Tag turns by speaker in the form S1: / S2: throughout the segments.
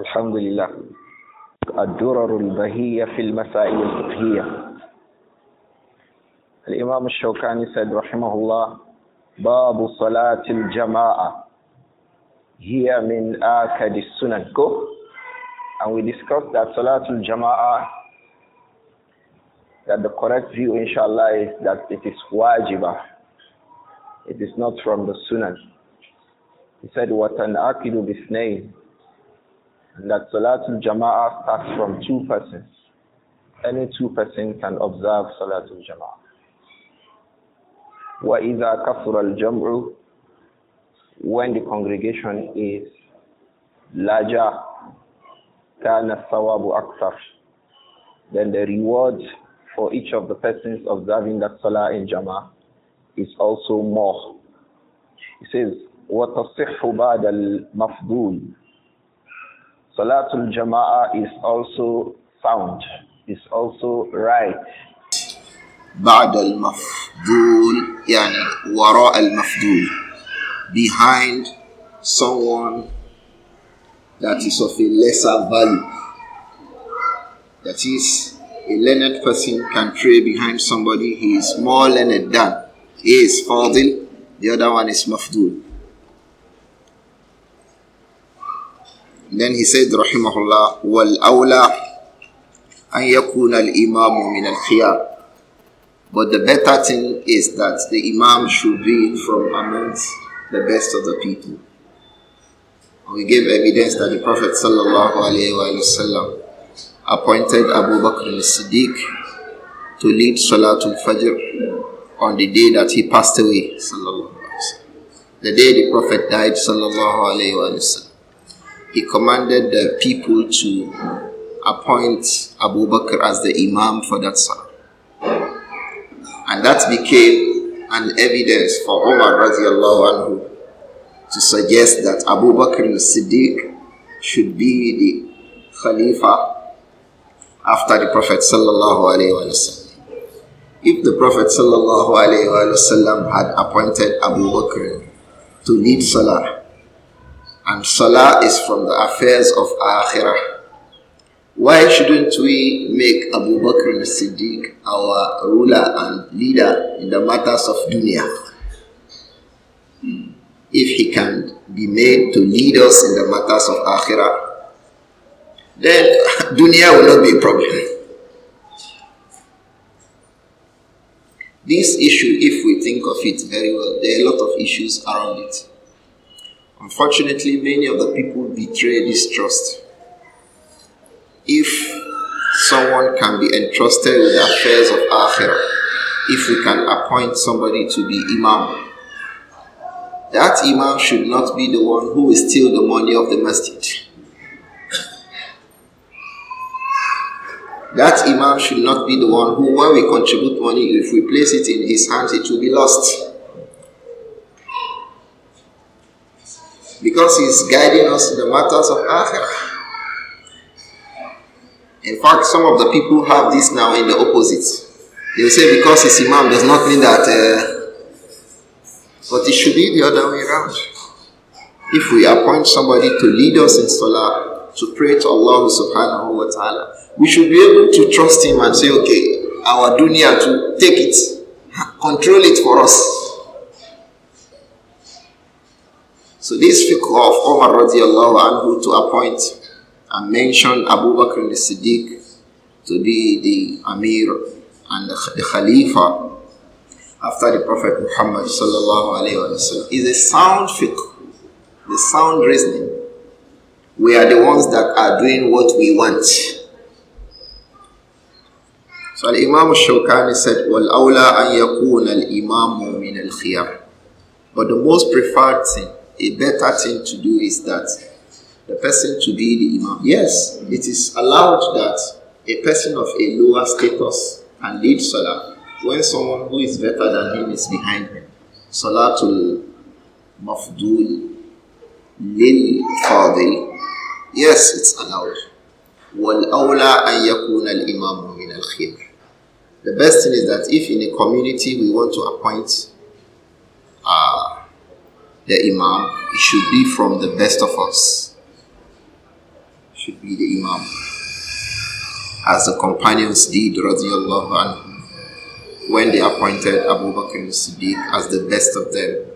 S1: الحمد لله الدرر البهية في المسائل الفقهية الإمام الشوكاني سيد رحمه الله باب صلاة الجماعة هي من آكد السنن go and we discussed that صلاة الجماعة that the correct view inshallah is that it is واجبة it is not from the sunan he said وتنعقد باثنين that Salatul Jama'ah starts from two persons. Any two persons can observe Salatul Jama'ah. وَإِذَا كَفُرَ الْجَمْعُ When the congregation is larger, كَانَ الثَّوَابُ أَكْثَرُ Then the reward for each of the persons observing that Salah in Jama'ah is also more. He says, وَتَصِحُّ بَعْدَ الْمَفْضُولِ Salatul Jama'ah is also sound, is also right. بعد المفضول يعني وراء المفضول
S2: behind someone that is of a lesser value that is a learned person can pray behind somebody he is more learned than he is fadil the other one is mafdul Then he said, Rahimahullah, wal awla an yakuna al imamu min al khiyar. But the better thing is that the imam should be from amongst the best of the people. And we gave evidence that the Prophet sallallahu alaihi sallam appointed Abu Bakr as-Siddiq to lead Salatul Fajr on the day that he passed away, sallallahu alaihi wasallam. The day the Prophet died, sallallahu alaihi sallam he commanded the people to appoint Abu Bakr as the Imam for that salah. And that became an evidence for Umar radiallahu anhu to suggest that Abu Bakr al-Siddiq should be the Khalifa after the Prophet sallallahu alayhi If the Prophet sallallahu alayhi had appointed Abu Bakr to lead Salah, and Salah is from the affairs of Akhirah. Why shouldn't we make Abu Bakr al Siddiq our ruler and leader in the matters of dunya? If he can be made to lead us in the matters of Akhirah, then dunya will not be a problem. This issue, if we think of it very well, there are a lot of issues around it. Unfortunately, many of the people betray this trust. If someone can be entrusted with the affairs of Akhirah, if we can appoint somebody to be Imam, that Imam should not be the one who will steal the money of the masjid. That Imam should not be the one who, when we contribute money, if we place it in his hands, it will be lost. because He is guiding us to the matters of Akhirah. In fact, some of the people have this now in the opposite. They will say because he's Imam does not mean that, uh, but it should be the other way around. If we appoint somebody to lead us in Salah, to pray to Allah subhanahu wa ta'ala, we should be able to trust him and say, okay, our dunya to take it, control it for us. So this fiqh of Omar radiallahu anhu to appoint and mention Abu Bakr al-Siddiq to be the Amir and the Khalifa after the Prophet Muhammad sallallahu alayhi wasallam is a sound fiqh, the sound reasoning. We are the ones that are doing what we want. So Imam Shawkani said, وَالْأَوْلَى al imam min al الْخِيَرِ But the most preferred thing a better thing to do is that the person to be the imam. Yes, it is allowed that a person of a lower status can lead salah when someone who is better than him is behind him. Salatul mafdul lil fadil. Yes, it's allowed. والأولى أن يكون الإمام من الخير. The best thing is that if in a community we want to appoint uh, the imam, it should be from the best of us. It should be the imam. As the companions did, radiallahu anhu, when they appointed Abu Bakr Siddiq as the best of them,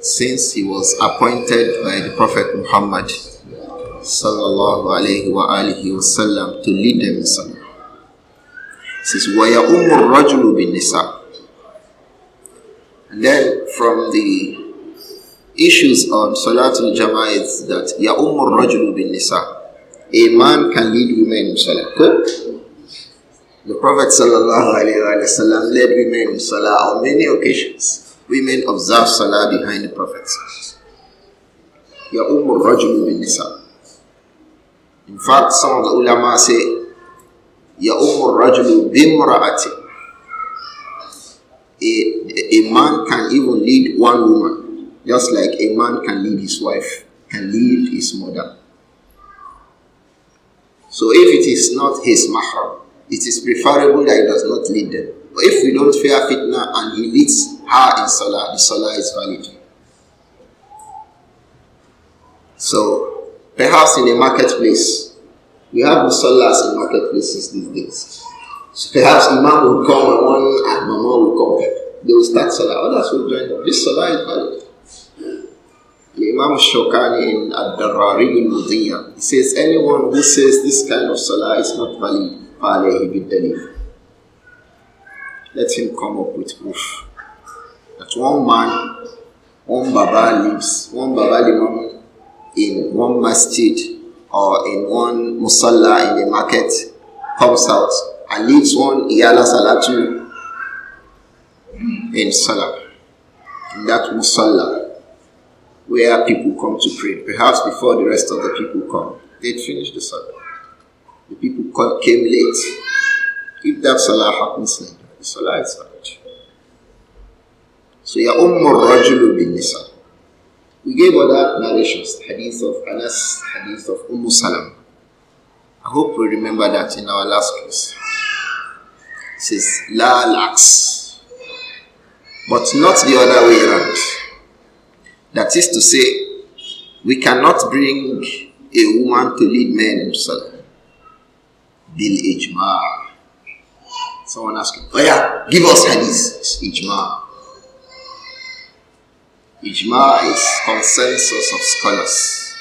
S2: since he was appointed by the Prophet Muhammad sallallahu alayhi wa alihi wasallam to lead them in salah. says, وَيَأُمُّ الرَّجُلُ بِالنِّسَاءِ And then from the issues on Salatul Jama'ah is that Ya'ummur Rajulu bin Nisa. A man can lead women in Salah. The Prophet وسلم, led women in Salah on many occasions. Women observe Salah behind the Prophet. Ya'ummur Rajulu bin Nisa. In fact, some of the ulama say, Ya'ummur Rajulu bimra'ati. A, a man can even lead one woman just like a man can lead his wife, can lead his mother. So if it is not his mahram, it is preferable that he does not lead them. But if we don't fear fitna and he leads her in salah, the salah is valid. So perhaps in a marketplace, we have the salahs in marketplaces these days. So perhaps Imam will come and one and Mama will come. They will start salah. Others will join them. This salah is valid. Imam Shokani in Ad-Darari al-Mudhiya, says, anyone who says this kind of salah is not valid, فَعَلَيْهِ بِالدَّلِيلِ Let him come up with proof. That one man, one Baba lives, one Baba Limam in one masjid or in one musalla in the market comes out and leaves one Iyala Salatu in Salah, in that musalla where people come to pray, perhaps before the rest of the people come. They'd finish the salah. The people came late. If that salah happens later, the salah is valid. So, Ya Ummur Rajulu bin Nisa. We gave other narrations, hadith of Anas, hadith of Ummu Salam. I hope we remember that in our last class. It says, La lax. But not the other way around. That is to say, we cannot bring a woman to lead men in Bil Ijma. Someone asked, Oh, yeah, give us hadith. It's Ijma. Ijma is consensus of scholars.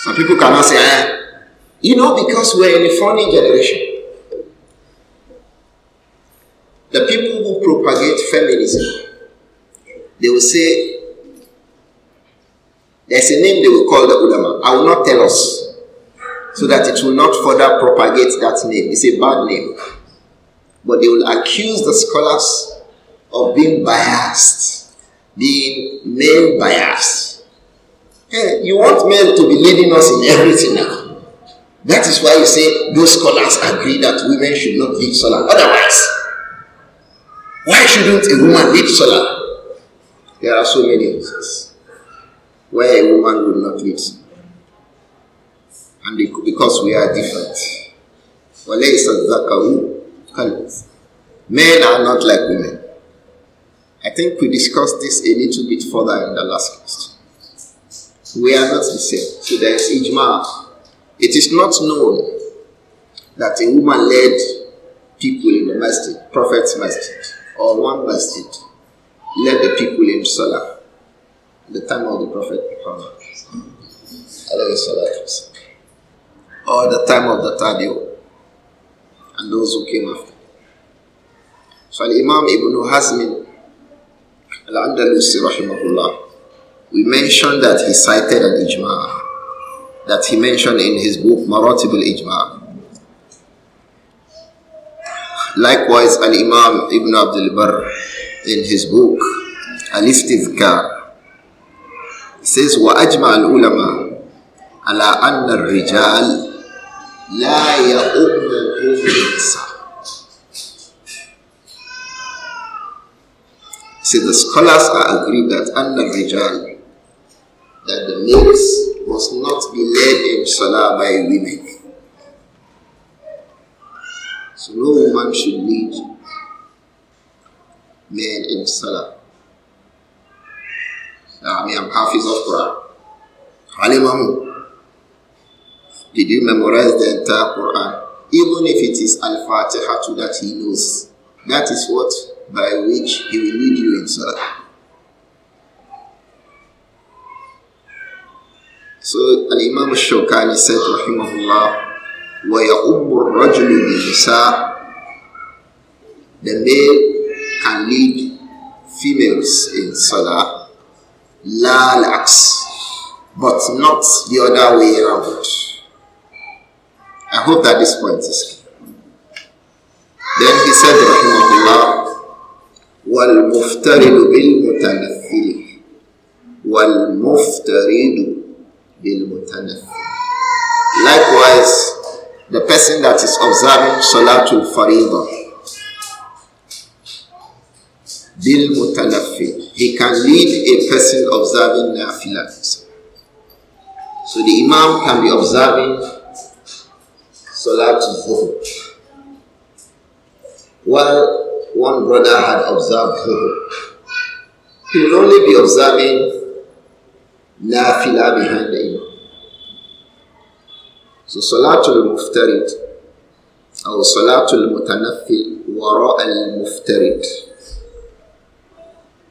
S2: Some people cannot say, eh, you know, because we're in a funny generation. The people who propagate feminism they will say, there's a name they will call the ulama. I will not tell us so that it will not further propagate that name. It's a bad name. But they will accuse the scholars of being biased, being male biased. Hey, eh, you want men to be leading us in everything now. That is why you say those scholars agree that women should not lead Salah. Otherwise, why shouldn't a woman lead Salah? There are so many instances where a woman will not listen. And because we are different. Men are not like women. I think we discussed this a little bit further in the last question. We are not the same. So there is ijma. It is not known that a woman led people in the masjid, prophet's masjid, or one masjid, led the people in Salah the time of the Prophet Muhammad. Or the time of the Tabi'u and those who came after. So Imam Ibn Hazm Al-Andalusi rahimahullah, we mentioned that he cited an ijma that he mentioned in his book Maratibul Ijma. Likewise, Al Imam Ibn Abdul Barr in his book, Al-Istidhkar. He says, وَأَجْمَعَ الْعُلَمَاء على أن الرجال لا يؤمهم النساء. So the scholars are agreed that أن الرجال that the males must not be led in salah by women. So no woman should lead Man in Salah. I mean, I'm his of Quran. Alimamu. Did you memorize the entire Quran? Even if it is Al-Fatiha that he knows, that is what by which he will lead you in Salah. So Al-Imam Shokani said, Rahimahullah, وَيَأُمُّ الرَّجُلُ بِنِسَاء The male can lead females in Salah, lalax, but not the other way around. I hope that this point is clear. Then he said, Rahimahullah, والمفترض بالمتنفل والمفترض بالمتنفل Likewise, the person that is observing Salatul Faridah Bil mutanafi. He can lead a person observing nafila. So the Imam can be observing Salat Zuhur. While one brother had observed Zuhur, he would only be observing nafila behind the Imam. So Salatul Muftarid or Salatul Mutanaffil وراء المفترض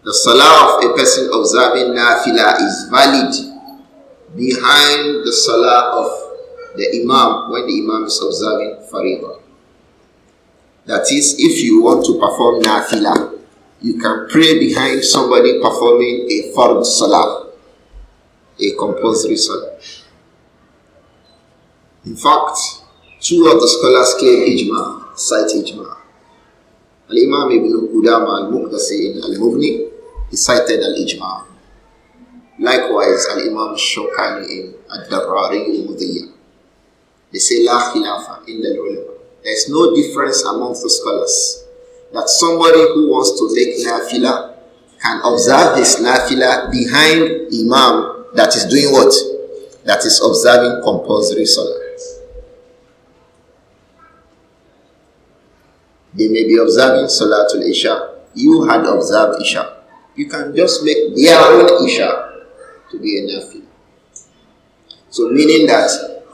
S2: the salah of a person observing nafila is valid behind the salah of the imam when the imam is observing fariba. That is, if you want to perform nafila, you can pray behind somebody performing a fard salah, a compulsory salah. In fact, two of the scholars claim ijma, cite ijma. Al-Imam Ibn Qudama al-Muqtasi in Al-Mubni he cited Al-Ijma. Likewise, Al-Imam Shokani in Ad-Darrari al-Mudiyya. They say, La khilafa in the ulama. There is no difference amongst the scholars that somebody who wants to make nafila can observe his nafila behind imam that is doing what? That is observing compulsory salah. They may be observing Salatul Isha. You had observed Isha. You can just make their own Isha to be a Nafi. So meaning that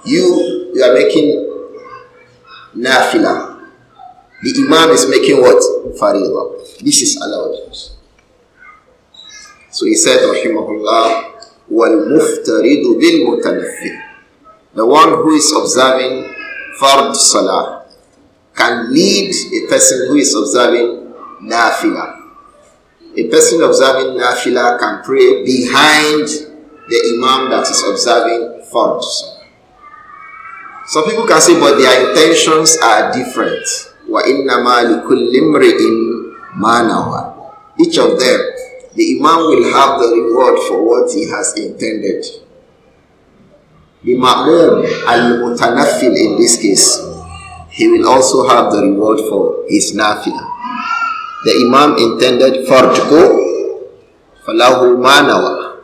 S2: you you are making Nafila. The Imam is making what? Faridah. This is allowed. So he said, Rahimahullah, وَالْمُفْتَرِدُ بِالْمُتَنَفِّلِ The one who is observing Fard Salah can lead a person who is observing Nafila. A person observing Nafila can pray behind the Imam that is observing Fards. Some people can say, but their intentions are different. وَإِنَّمَا لِكُلِّ امْرِئٍ مَا Each of them, the Imam will have the reward for what he has intended. The Ma'mum al-Mutanafil in this case, he will also have the reward for his nafila the Imam intended for to go falahu manawa.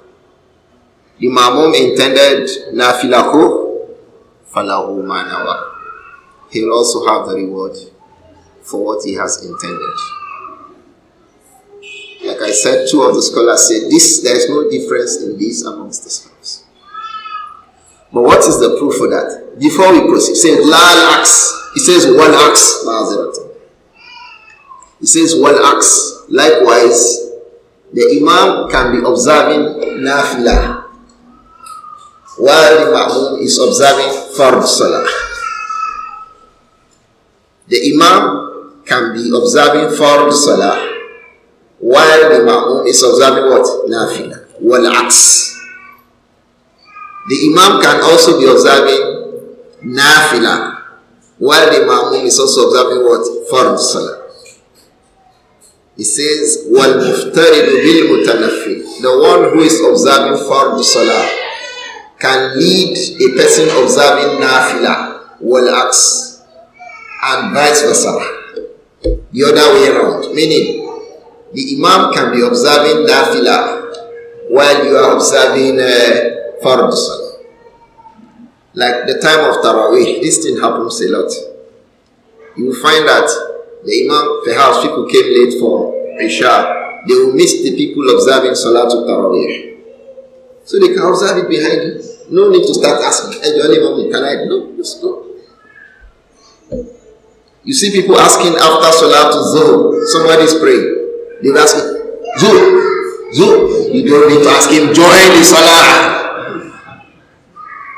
S2: The Imam intended nafilahu falahu manawa. He will also have the reward for what he has intended. Like I said, two of the scholars said this there is no difference in this amongst the scholars. But what is the proof for that? Before we proceed, it says lal axe. says one axe. He says, Wal acts Likewise, the Imam can be observing nafilah while the Ma'mun is observing Fard Salah. The Imam can be observing Fard Salah while the Ma'mun is observing what? Nafila. Wal acts, The Imam can also be observing Nafila while the Ma'mun is also observing what? Fard Salah. He says, وَالْمُفْتَرِدُ بِالْمُتَنَفِّلِ The one who is observing Fard Salah can lead a person observing Nafila, Wal-Aqs, and vice versa. The other way around. Meaning, the Imam can be observing Nafila while you are observing uh, Fard Salah. Like the time of Taraweeh, this thing happens a lot. You find that The Imam, perhaps people came late for Isha. They will miss the people observing Salatul Tarawih. So they can observe it behind you. No need to start asking, hey, your Imam, can I? No, just go. You see people asking after Salatul Zuhr, somebody's praying. They're asking, Zuhr, Zuhr. You don't need to ask him, join the Salah.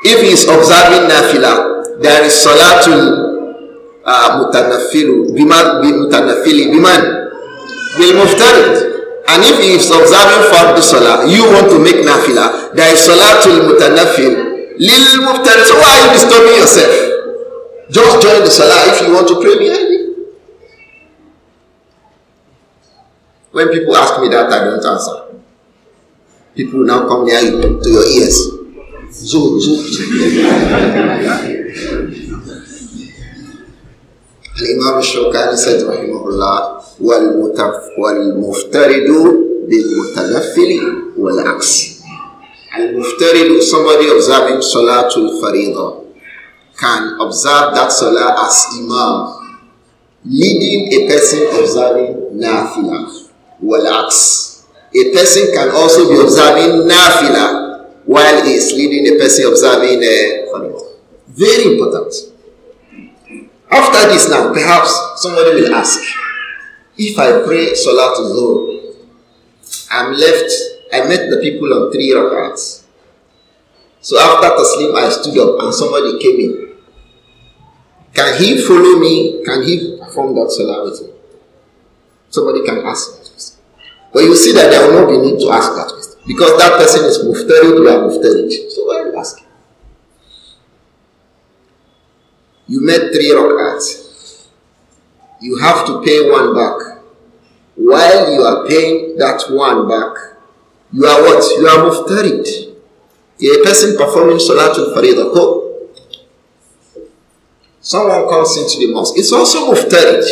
S2: If he's observing Nafila, there is Salatul mutanafilu bima mutanafili biman bil muftarid and if he is observing fardu salah you want to make nafila there is Salah salatul mutanafil lil muftarid so why you disturbing yourself just join the salah if you want to pray behind it when people ask me that i don't answer people now come near you to your ears zoom zoom الإمام الشوكاني سيد رحمه الله والمفترد بالمتنفل والعكس المفترد somebody observing Salatul Farida can observe that Salah as Imam leading a person observing Nafila والعكس a person can also be observing Nafila while he is leading a person observing a uh, Farida very important After this, now perhaps somebody will ask if I pray Salat Zuhr, I'm left, I met the people on three rakats. So after Taslim, I stood up and somebody came in. Can he follow me? Can he perform that salat with me? Somebody can ask that question. But you see that there will not be need to ask that question because that person is muftarid, we are muftarid. So You made three rakats. You have to pay one back. While you are paying that one back, you are what? You are muftarid. A person performing Salatul Faridah. Someone comes into the mosque. It's also muftarid.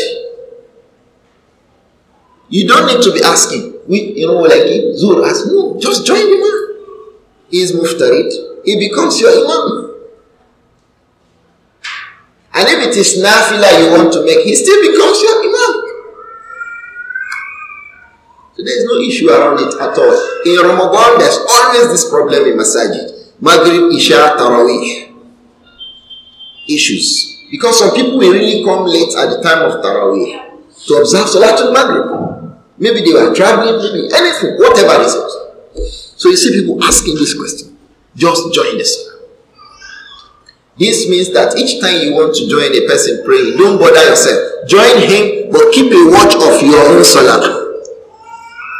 S2: You don't need to be asking. We, you know, like Zul asks, no, just join the man. He's muftarid. He becomes your imam. And if it is nafila you want to make, he still becomes your imam. So there is no issue around it at all. In Ramadan, there's always this problem in masajid. Maghrib, Isha, Taraweeh. Issues. Because some people will really come late at the time of Taraweeh to observe Salatul Maghrib. Maybe they were traveling, maybe anything, whatever it is. So you see people asking this question. Just join the Salah. This means that each time you want to join a person praying, don't bother yourself. Join him, but keep a watch of your own salah.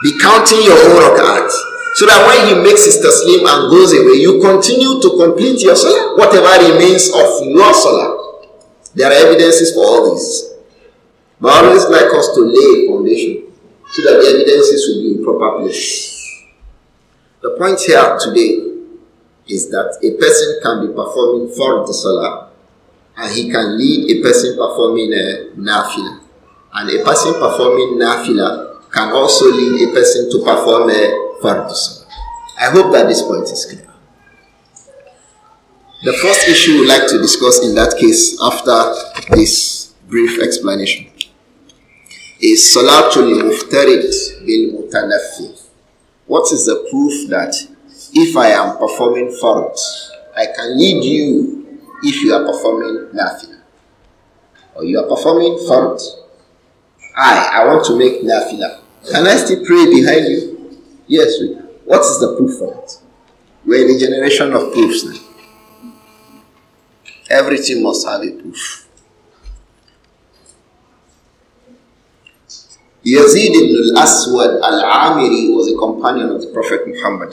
S2: Be counting your own rak'at. So that when he makes his taslim and goes away, you continue to complete your salah, whatever remains of your salah. There are evidences for all this. But I always like us to lay a foundation so that the evidences will be in proper place. The point here today is that a person can be performing Fard Salah and he can lead a person performing a uh, Nafila. And a person performing Nafila can also lead a person to perform a uh, Fard Salah. I hope that this point is clear. The first issue we'd like to discuss in that case after this brief explanation is Salatul Muftarid bil Mutanaffi. What is the proof that if I am performing farad. I can lead you if you are performing nothing, Or you are performing farad. I, I want to make nafila. Can I still pray behind you? Yes, we can. What is the proof for it? We're in a generation of proofs now. Everything must have a proof. Yazid ibn al-Aswad al-Amiri was a companion of the Prophet Muhammad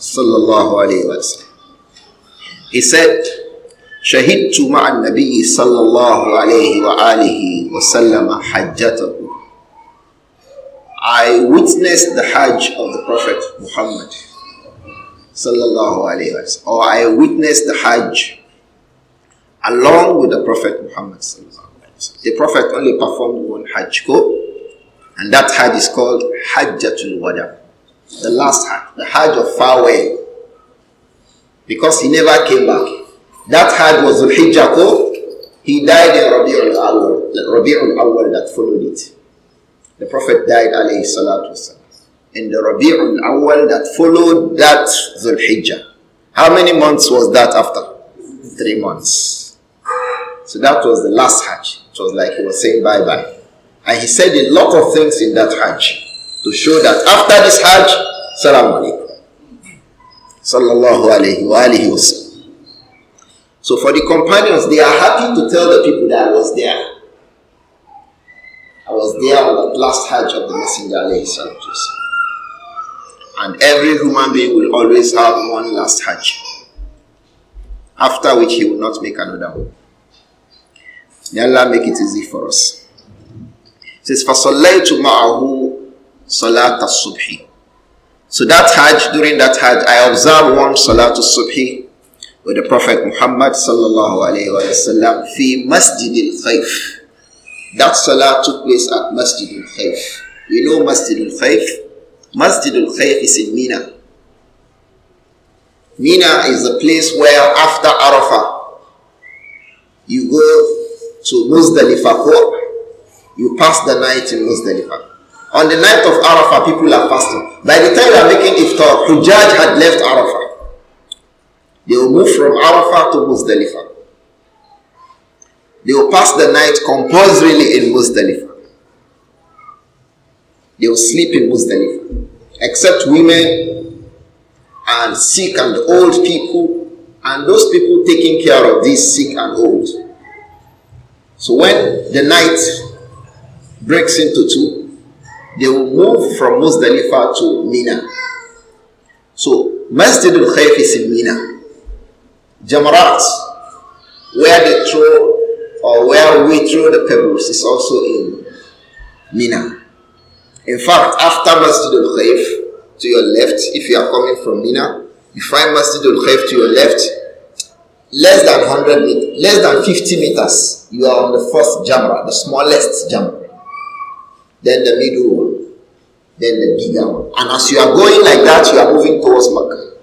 S2: sallallahu alayhi wa He said, شهدت مع النبي صلى الله عليه وآله وسلم حجته I witnessed the Hajj of the Prophet Muhammad sallallahu alayhi wasallam, or I witnessed the Hajj along with the Prophet Muhammad sallallahu alayhi The Prophet only performed one Hajj and that Hajj is called Hajjatul Wada the last Hajj, the Hajj of farewell, because he never came back. That Hajj was Dhul Hijjah. He died in Rabi'ul Awal. Rabi'ul Awal that followed it. The Prophet died, alayhi salatu in the Rabi'ul Awal that followed that Zulhijjah. How many months was that after? Three months. So that was the last Hajj. It was like he was saying bye bye. And he said a lot of things in that Hajj to show that after this Hajj, Salaam alaykum. Sallallahu alayhi wa alayhi wa So for the companions, they are happy to tell the people that I was there. I was there on the last Hajj of the Messenger alayhi salatu And every human being will always have one last Hajj. After which he will not make another one. May Allah make it easy for us. It says, فَصَلَّيْتُ مَعَهُ Salat al-Subhi.
S1: So that Hajj,
S2: during that Hajj, I observed one Salat al-Subhi with the Prophet Muhammad sallallahu alayhi wa sallam fi Masjid al-Khayf. That Salah took place at Masjid al-Khayf. You know Masjid al-Khayf? Masjid al-Khayf is in Mina. Mina is the place where after Arafah, you go to Muzdalifah, you pass the night in Muzdalifah. On the night of Arafah, people are fasting. By the time they are making iftar, Hujjaj had left Arafah. They will move from Arafah to Muzdalifah. They will pass the night compulsorily in Muzdalifah. They will sleep in Muzdalifah. Except women and sick and old people, and those people taking care of these sick and old. So when the night breaks into two, they will move from Muzdalifah to Mina. So Masjid al Khayf is in Mina. Jamarat, where they throw or where we throw the pebbles, is also in Mina. In fact, after Masjid al Khayf to your left, if you are coming from Mina, you find Masjid al Khayf to your left, less than 100 meters, less than 50 meters, you are on the first Jamra, the smallest Jamra. Then the middle one then the bigger one. And as you are going like that, you are moving towards Makkah.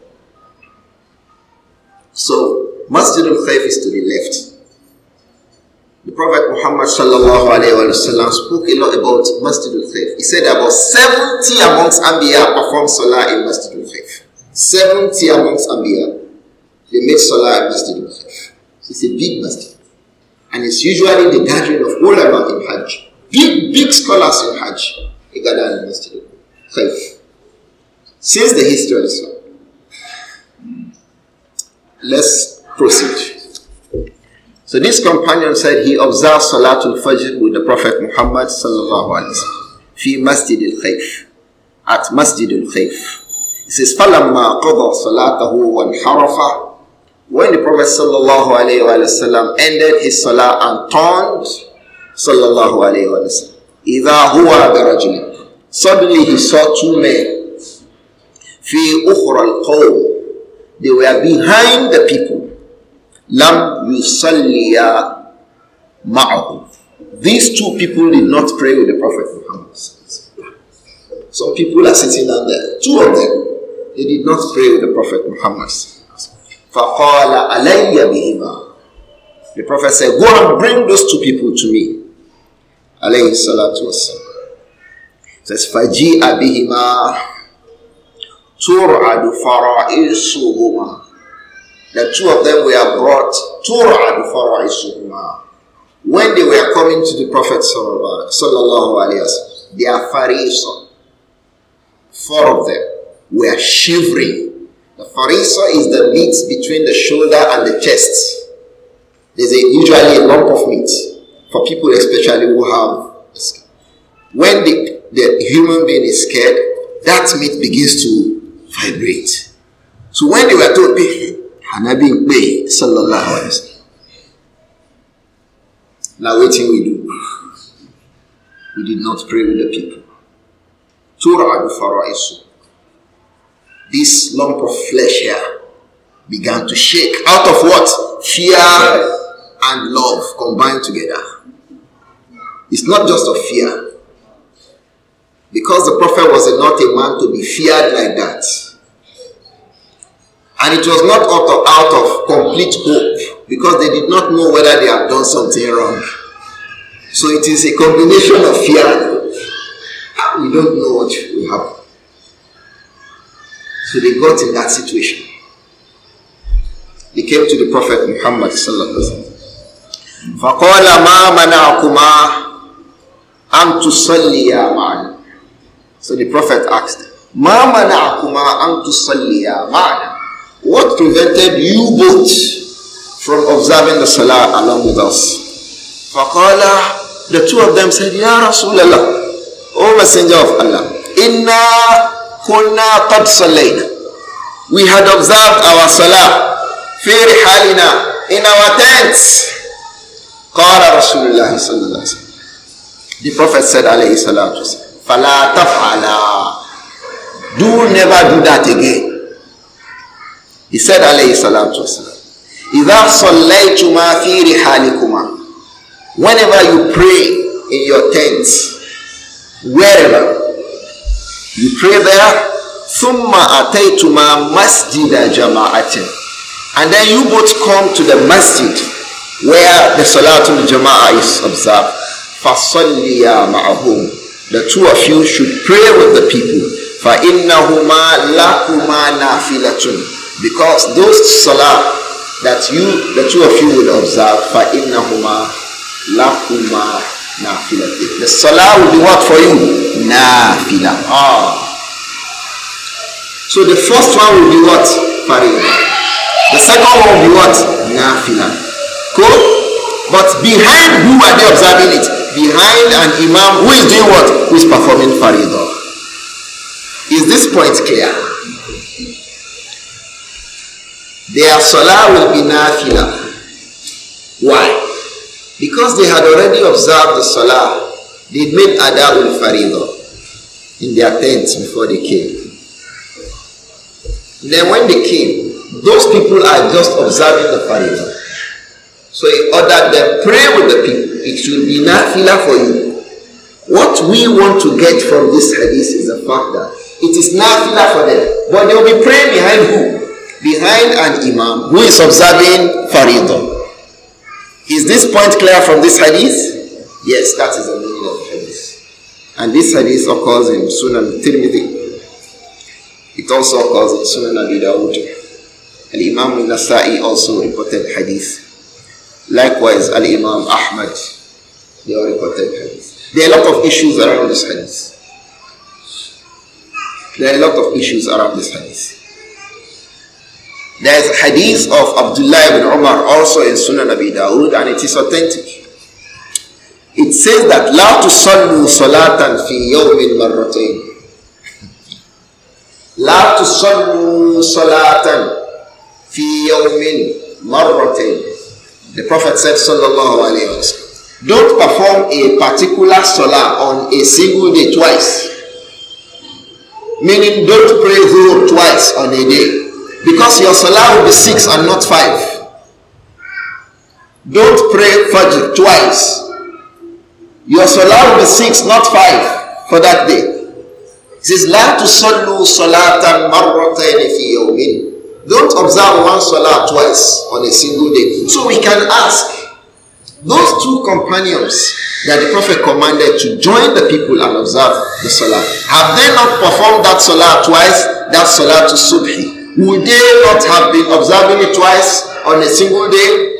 S2: So, Masjid al Khayf is to the left. The Prophet Muhammad sallallahu alayhi wa spoke a lot about Masjid al Khayf. He said about 70 amongst Anbiya perform Salah in Masjid al Khayf. 70 amongst Anbiya, they make Salah in Masjid al Khayf. It's a big masjid. And it's usually the gathering of ulama in Hajj. Big, big scholars in Hajj, they gather in Masjid al faith. Since the history is so, let's proceed. So this companion said he observed Salatul Fajr with the Prophet Muhammad sallallahu alaihi fi Masjid al-Khayf at Masjid al-Khayf. He says, فَلَمَّا salatahu wa وَانْحَرَفَ When the Prophet sallallahu alaihi wasallam ended his salah and turned sallallahu alaihi wasallam, إِذَا هُوَ بِرَجُلٍ Suddenly he saw two men. في أخرى القوم. They were behind the people. Lam يصليا معهم. These two people did not pray with the Prophet Muhammad. Some people are sitting down there. Two of them, they did not pray with the Prophet Muhammad. فقال علي بهما. The Prophet said, Go and bring those two people to me. عليه الصلاة والسلام says faji'a abihima tur'adu fara'isuhuma the two of them were brought tur'adu fara'isuhuma when they were coming to the prophet sallallahu alaihi wasallam their farisa four of them were shivering the farisa is the meat between the shoulder and the chest there's a, usually a lump of meat for people especially who have when they the human being is scared, that meat begins to vibrate. So when they were told, Hanabi Mbe, sallallahu alayhi wa sallam, now what we do? We did not pray with the people. Torah Tura'adu fara'isu. This lump of flesh here began to shake out of what? Fear and love combined together. It's not just of fear, because the prophet was not a man to be feared like that. And it was not out of, out of complete hope because they did not know whether they had done something wrong. So it is a combination of fear and hope. We don't know what will happen. So they got in that situation. They came to the Prophet Muhammad sallallahu alaihi wasallam. فقال ما منعكما أن تصليا معنا So the Prophet asked, Ma What prevented you both from observing the Salah along with us? Faqala, the two of them said, Ya Rasulallah, O Messenger of Allah, Inna kunna qad sallayna. We had observed our Salah, fi halina in our tents. Qala Rasulullah sallallahu The Prophet said, alayhi salatu wasalam, fala tafala do never do that again he said alayhi salatu wasalam idha sallaytuma fi rihalikuma whenever you pray in your tents wherever you pray there thumma ataytuma masjida jama'atin and then you both come to the masjid where the salatul jama'ah is observed fasalliya ma'ahum the two of you should pray with the people. For فَإِنَّهُمَا لَكُمَا filatun. Because those salah that you, the two of you will observe, For فَإِنَّهُمَا لَكُمَا filatun. The salah will be what for you? Nafila. Ah. So the first one will be what? Farida. The second one will be what? Nafila. Cool? But behind who are they observing it? behind an imam who is doing what? Who is performing faridah. Is this point clear? Their salah will be nafila. Why? Because they had already observed the salah. They made adabul faridah in their tents before they came. Then when they came, those people are just observing the faridah. So he ordered them, pray with the people. It should be nafila for you. What we want to get from this hadith is the fact that it is nafila for them. But they will be praying behind who? Behind an imam who is observing faridah. Is this point clear from this hadith? Yes, that is the meaning of the hadith. And this hadith occurs in Sunan Tirmidhi. It also occurs in Sunan Abi Dawud. Al Imam Nasa'i also reported hadith. Likewise, Al Imam Ahmad they all reported hadith. There are a lot of issues around this hadith. There are a lot of issues around this hadith. There is hadith of Abdullah ibn Umar also in Sunan Abi Dawud and it is authentic. It says that لا تصلوا صلاة في يوم مرتين لا تصلوا صلاة في يوم مرتين The Prophet said "Sallallahu alayhi عليه Don't perform a particular salah on a single day twice. Meaning, don't pray Dhuhr twice on a day. Because your salah will be six and not five. Don't pray Fajr twice. Your salah will be six, not five, for that day. It says, La tusallu salatan marratayni fi yawmin. Don't observe one salah twice on a single day. So we can ask, Those two companions that the Prophet commanded to join the people and observe the Salah, have they not performed that Salah twice, that Salah to Subhi? Would they not have been observing it twice on a single day?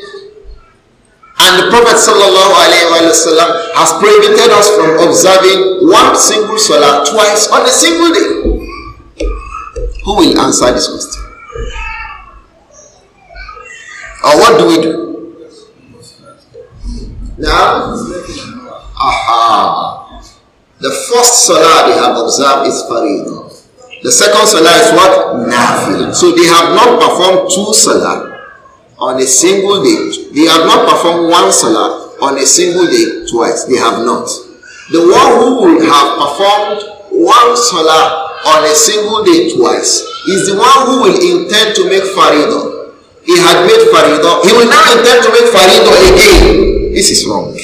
S2: And the Prophet wasallam has prohibited us from observing one single Salah twice on a single day. Who will answer this question? Or what do we do? Now, aha. Uh, uh, the first salah they have observed is faridah. The second salah is what? Nafil. So they have not performed two salah on a single day. They have not performed one salah on a single day twice. They have not. The one who will have performed one salah on a single day twice is the one who will intend to make faridah. He had made faridah. He will now intend to make faridah again. This is wrong.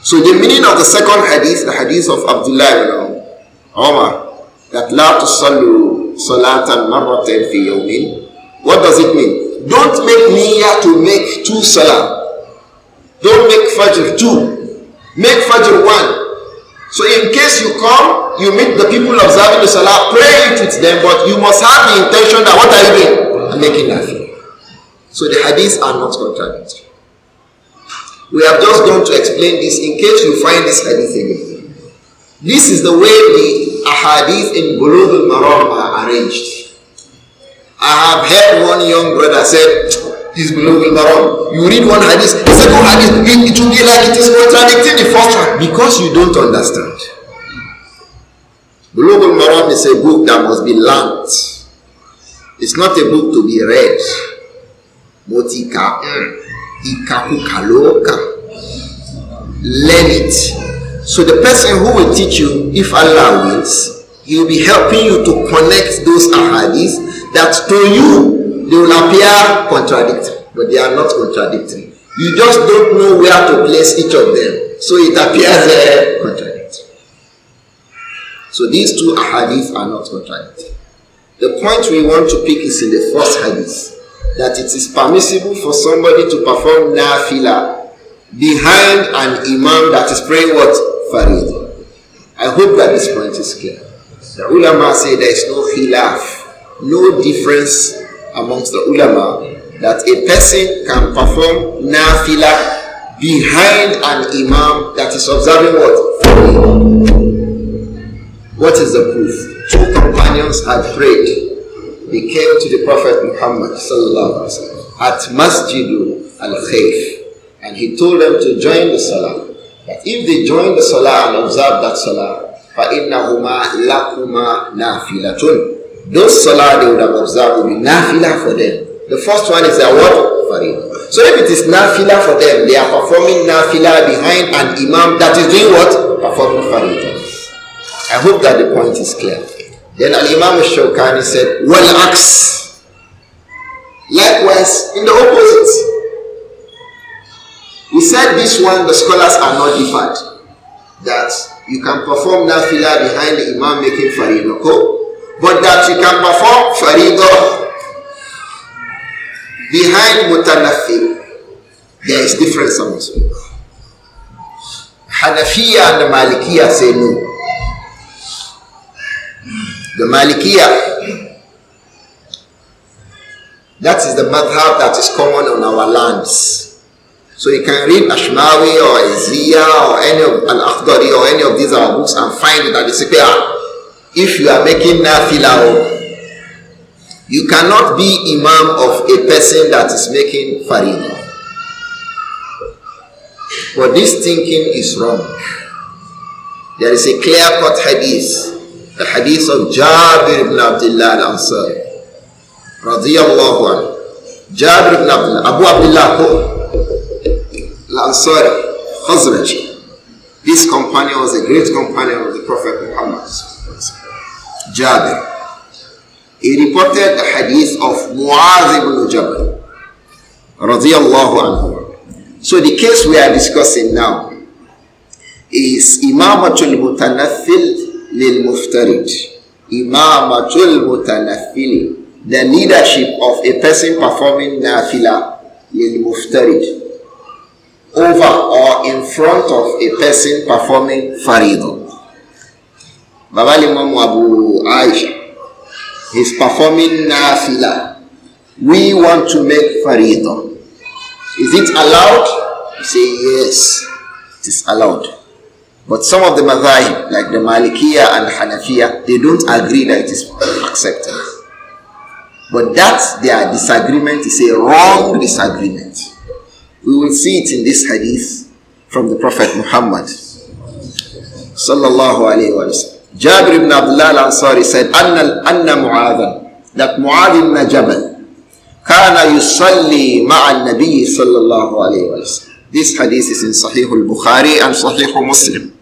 S2: So the meaning of the second hadith, the hadith of Abdullah ibn Umar, that لا tusallu salatan marratan في yawmin, what does it mean? Don't make niyyah to make two salah. Don't make fajr two. Make fajr one. So in case you come, you meet the people observing the salah, pray it with them, but you must have the intention that what are you doing? I'm making nothing. So the hadiths are not contradictory. We have just gone to explain this in case you find this hadith again. This is the way the ahadith in Bulugh al-Maram are arranged. I have heard one young brother say, "This Bulugh al-Maram. You read one hadith, the second hadith, it, it will be like it is contradicting the first one because you don't understand. Bulugh al-Maram is a book that must be learnt. It's not a book to be read. mo ti kà ìkàkùkà learn it so the person who will teach you if allah wills he will be helping you to connect those ahadith that to you they will appear contradictory but they are not contradictory you just don't know where to place each of them so it appears uh, contradictory so these two ahadith are not contradictory the point we want to pick is in the first hadith that it is permissible for somebody to perform nafila behind an imam that is praying what? Farid. I hope that this point is clear. The ulama say there is no khilaf, no difference amongst the ulama that a person can perform nafila behind an imam that is observing what? Farid. What is the proof? Two companions had prayed. He came to the Prophet Muhammad at Masjidul al Khayf and he told them to join the Salah. But if they join the Salah and observe that Salah, فَإِنَّهُمَا لَكُمَا نَافِلَةٌ Those Salah they would have observed would be nafila for them. The first one is their what? Farid. So if it is nafila for them, they are performing nafila behind an imam that is doing what? Performing farid. I hope that the point is clear. Then Al Imam Shawkani said, Well, acts. Likewise, in the opposite. We said this one, the scholars are not differed. That you can perform nafila behind the Imam making faridah, but that you can perform faridah behind mutanafil there is difference among Hanafiya and Malikiya say no the Malikiya. That is the madhab that is common on our lands. So you can read Ashmawi or Izziya or any of Al-Akhdari or any of these our books and find that it's a ah, If you are making nafila, oh, you cannot be imam of a person that is making farida. But this thinking is wrong. There is a clear-cut hadith the hadith of Jabir ibn Abdullah al-Ansari radiyallahu anhu Jabir ibn Abdullah Abu Abdullah al-Ansari Khazraj this companion was a great companion of the Prophet Muhammad Jabir he reported the hadith of Muaz ibn Jabal radiyallahu anhu so the case we are discussing now is Imam Al Mutanathil للمفترج إمامة المتنفل the leadership of a person performing nafila للمفترج over or in front of a person performing faridah Baba Imam Abu Aisha is performing nafila we want to make faridah is it allowed you say yes it is allowed But some of the madhahib, like the Malikiya and Hanafiya, they don't agree that it is accepted. But that their disagreement is a wrong disagreement. We will see it in this hadith from the Prophet Muhammad. Sallallahu alayhi wa Jabir ibn Abdullah al-Ansari said, Anna, anna Mu'adhan, that Mu'adh ibn Jabal, كان يصلي مع النبي صلى الله عليه وسلم. This hadith is in Sahih al-Bukhari and Sahih muslim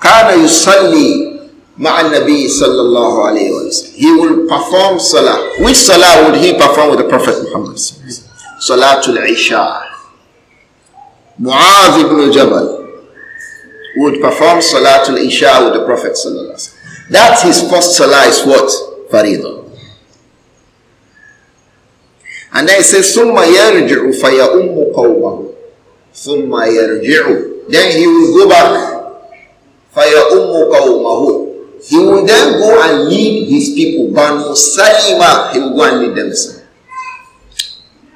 S2: Kana yusalli ma'an Nabi sallallahu alayhi wa sallam. He will perform salah. Which salah would he perform with the Prophet Muhammad? Salatul Isha. Mu'adh ibn Jabal would perform Salatul Isha with the Prophet sallallahu alayhi wa sallam. That's his first salah is what? Faridah. And then it says, ثُمَّ يَرْجِعُ فَيَأُمُّ قَوْمَهُ ثُمَّ يَرْجِعُ Then he will go back Fire Ummu Qawmahu. He will then go and lead his people. Banu Salima, he will go and lead them.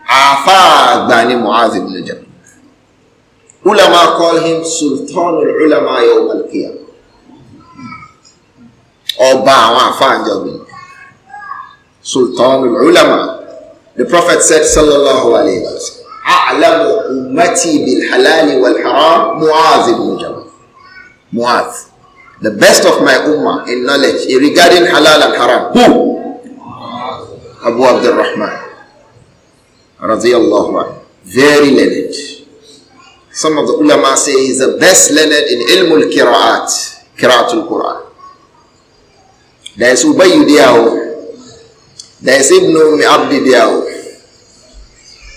S2: Afa Agbani Muaz ibn Jabal. Ulama call him Sultan al-Ulama Yawm al-Qiyam. Ọba àwọn afáàjọ mi. Sultan ulama The Prophet said sallallahu alayhi wa sallam. A'lamu ummati bil halali wal haram Muaz ibn Muaz, the best of my ummah in knowledge regarding halal and haram. Who? Abu Abdul Rahman. Radiallahu Very learned. Some of the ulama say he's the best learned in ilmul qiraat, qiraatul Quran. There is Ubayy Diaw. There is Ibn Abdi Diaw.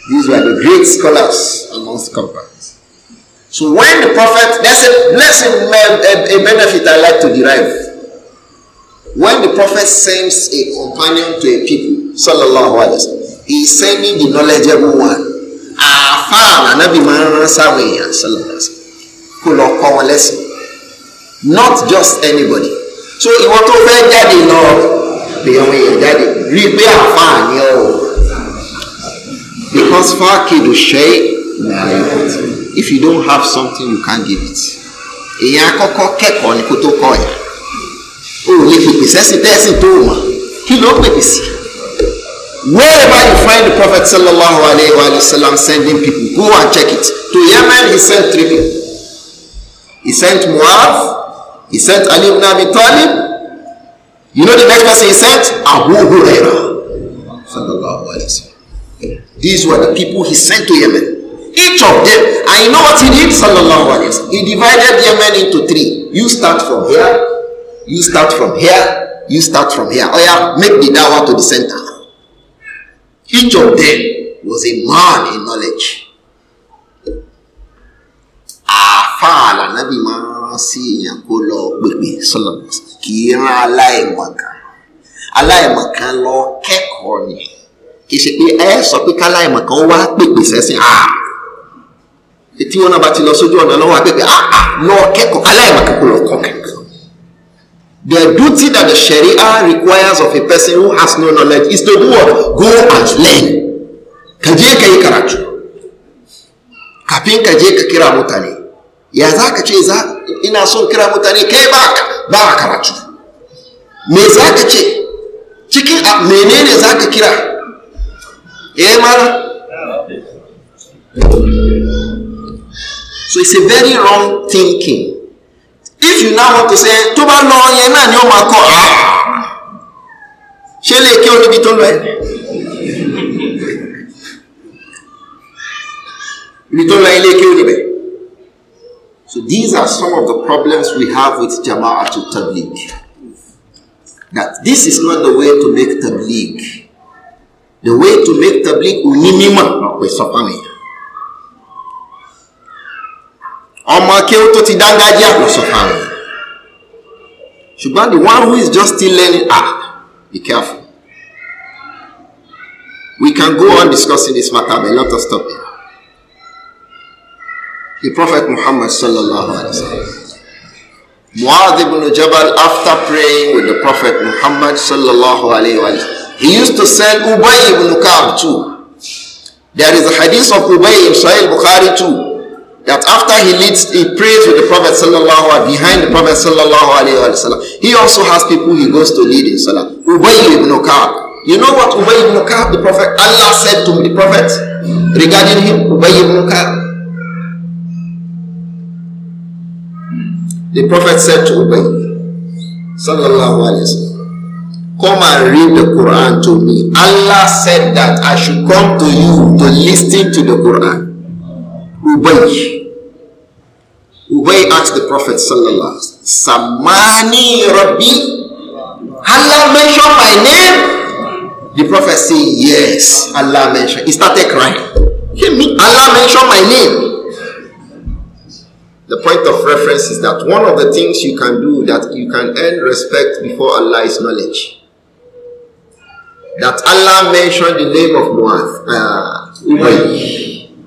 S2: These were the great scholars amongst companions. So when the prophet, there's a blessing, a, a benefit I like to derive. When the prophet sends a companion to a people, sallallahu alaihi wasallam, he is sending the knowledgeable one. Àfáà ànábì máa ń sallallahu alaihi wasallam kó lọ kọ́ wọn Not just anybody. So ìwọ tó fẹ́ jáde lọ pè àwọn èèyàn jáde rí pé àfáà ni ọ̀ because fáàkì ló ṣe é if you don't have something you can't give it èèyàn akọ́kọ́ kẹ́kọ̀ọ́ ni kó tó kọ́ ẹ̀ o ò lè pèpè sẹ́sìn tẹ́sìn tó wọ̀ kí ló pèpè sí. wherever you find the prophet sallallahu alayhi wa sallam sending people go and check it to yemen he sent three people he sent muaf he sent ali ibn abi talib you know the next person he sent abu huraira sallallahu alayhi wa sallam these were the people he sent to yemen each of them and you know what he did sallallahu alayhi wa sallam he divided Yemen into three you start from here you start from here you start from here oya oh make the dawa to the center each of them was a man in knowledge àfààlà nábì máa ń rán sí èèyàn kó lọ pèpè sọlọ kì í rán aláìmọ̀kan aláìmọ̀kan lọ kẹ́kọ̀ọ́ ni kì í ṣe pé ẹ sọ pé káláìmọ̀kan wá pèpè sẹ́sìn àá. Ah! etí wọn náà bá ti lọ sójú ọ̀nà lọ́wọ́ agbègbè ah ah lọ kẹ́kọ̀ọ́ aláìmọ̀kẹ́kọ̀ọ́ lọ kọ́ kẹ́kọ̀ọ́. The duty that the Sharia requires of a person who has no knowledge is to do what? Go and learn. Ka je ka yi karatu. Kafin ka je ka kira mutane. Ya za ka ce za ina son kira mutane ke ba ba karatu. Me za ka ce? Cikin menene za ka kira? yi eh, mara? so it's a very wrong thinking if you now want to say tó bá lọ yẹn náà ni ó máa kọ á ah! ṣé lè kí oníbi tó lọ ẹ ibi tó lọ yẹn lè kí oníbẹ so these are some of the problems we have with jama'atu tabligh that this is not the way to make tabligh the way to make tabligh onímọ̀ ọ̀pẹ̀ sọ́pàmì. ọmọ kí ó tó ti dángájí àlọ́sọ fáwọn yẹn ṣùgbọ́n the one who is just still learning ah be careful we can go on discussing this matter but let us stop here the prophet muhammad sallallahu alaihi wasallam muad ibn jabal after praying with the prophet muhammad sallallahu alaihi wasallam he used to send ubay ibn kab too there is a hadith of ubay in sahih bukhari too that after he leads, he prays with the Prophet sallallahu behind the Prophet sallallahu alaihi wasallam. He also has people he goes to lead in salah. Ubay ibn Ka'ab. You know what Ubay ibn Ka'ab, the Prophet, Allah said to the Prophet regarding him, Ubay ibn Ka'ab. The Prophet said to Ubay sallallahu alaihi wasallam, come and read the Quran to me. Allah said that I should come to you to listen to the Quran. Ubay. Ubay asked the Prophet sallallahu Samani Rabbi, Allah mention my name? The Prophet said, yes, Allah mentioned. He started crying. Hear me? Allah mentioned my name. The point of reference is that one of the things you can do that you can earn respect before Allah is knowledge. That Allah mentioned the name of Muaz. Uh,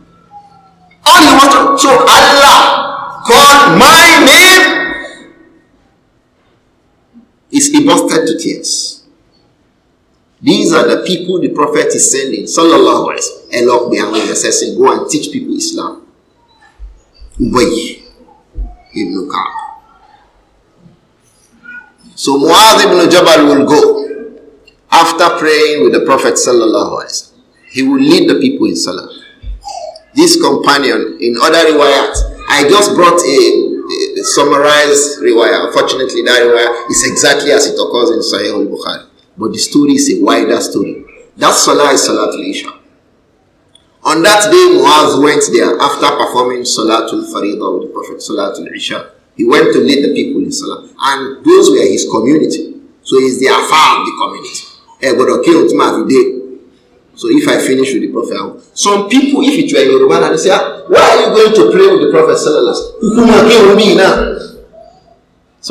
S2: All you want to so Allah called my name is exhausted to tears. These are the people the Prophet is sending, sallallahu alaihi wasallam. says, go and teach people Islam. Ubay ibn Ka'b. So Muadh ibn Jabal will go after praying with the Prophet sallallahu alaihi wasallam. He will lead the people in salah. This companion, in other riwayat, I just brought a, a, a summarized riwayah. Unfortunately, that riwayah is exactly as it occurs in Sahih al Bukhari. But the story is a wider story. That Salah is Salatul Isha. On that day, Muaz went there after performing Salatul Faridah with the Prophet Salatul Isha. He went to lead the people in Salah. And those were his community. So he's the Afar of the community. ẹ gbọdọ kí ohun tí màá So if I finish with the Prophet, some people, if it were Yoruba, and they say, ah, why are you going to pray with the Prophet? Some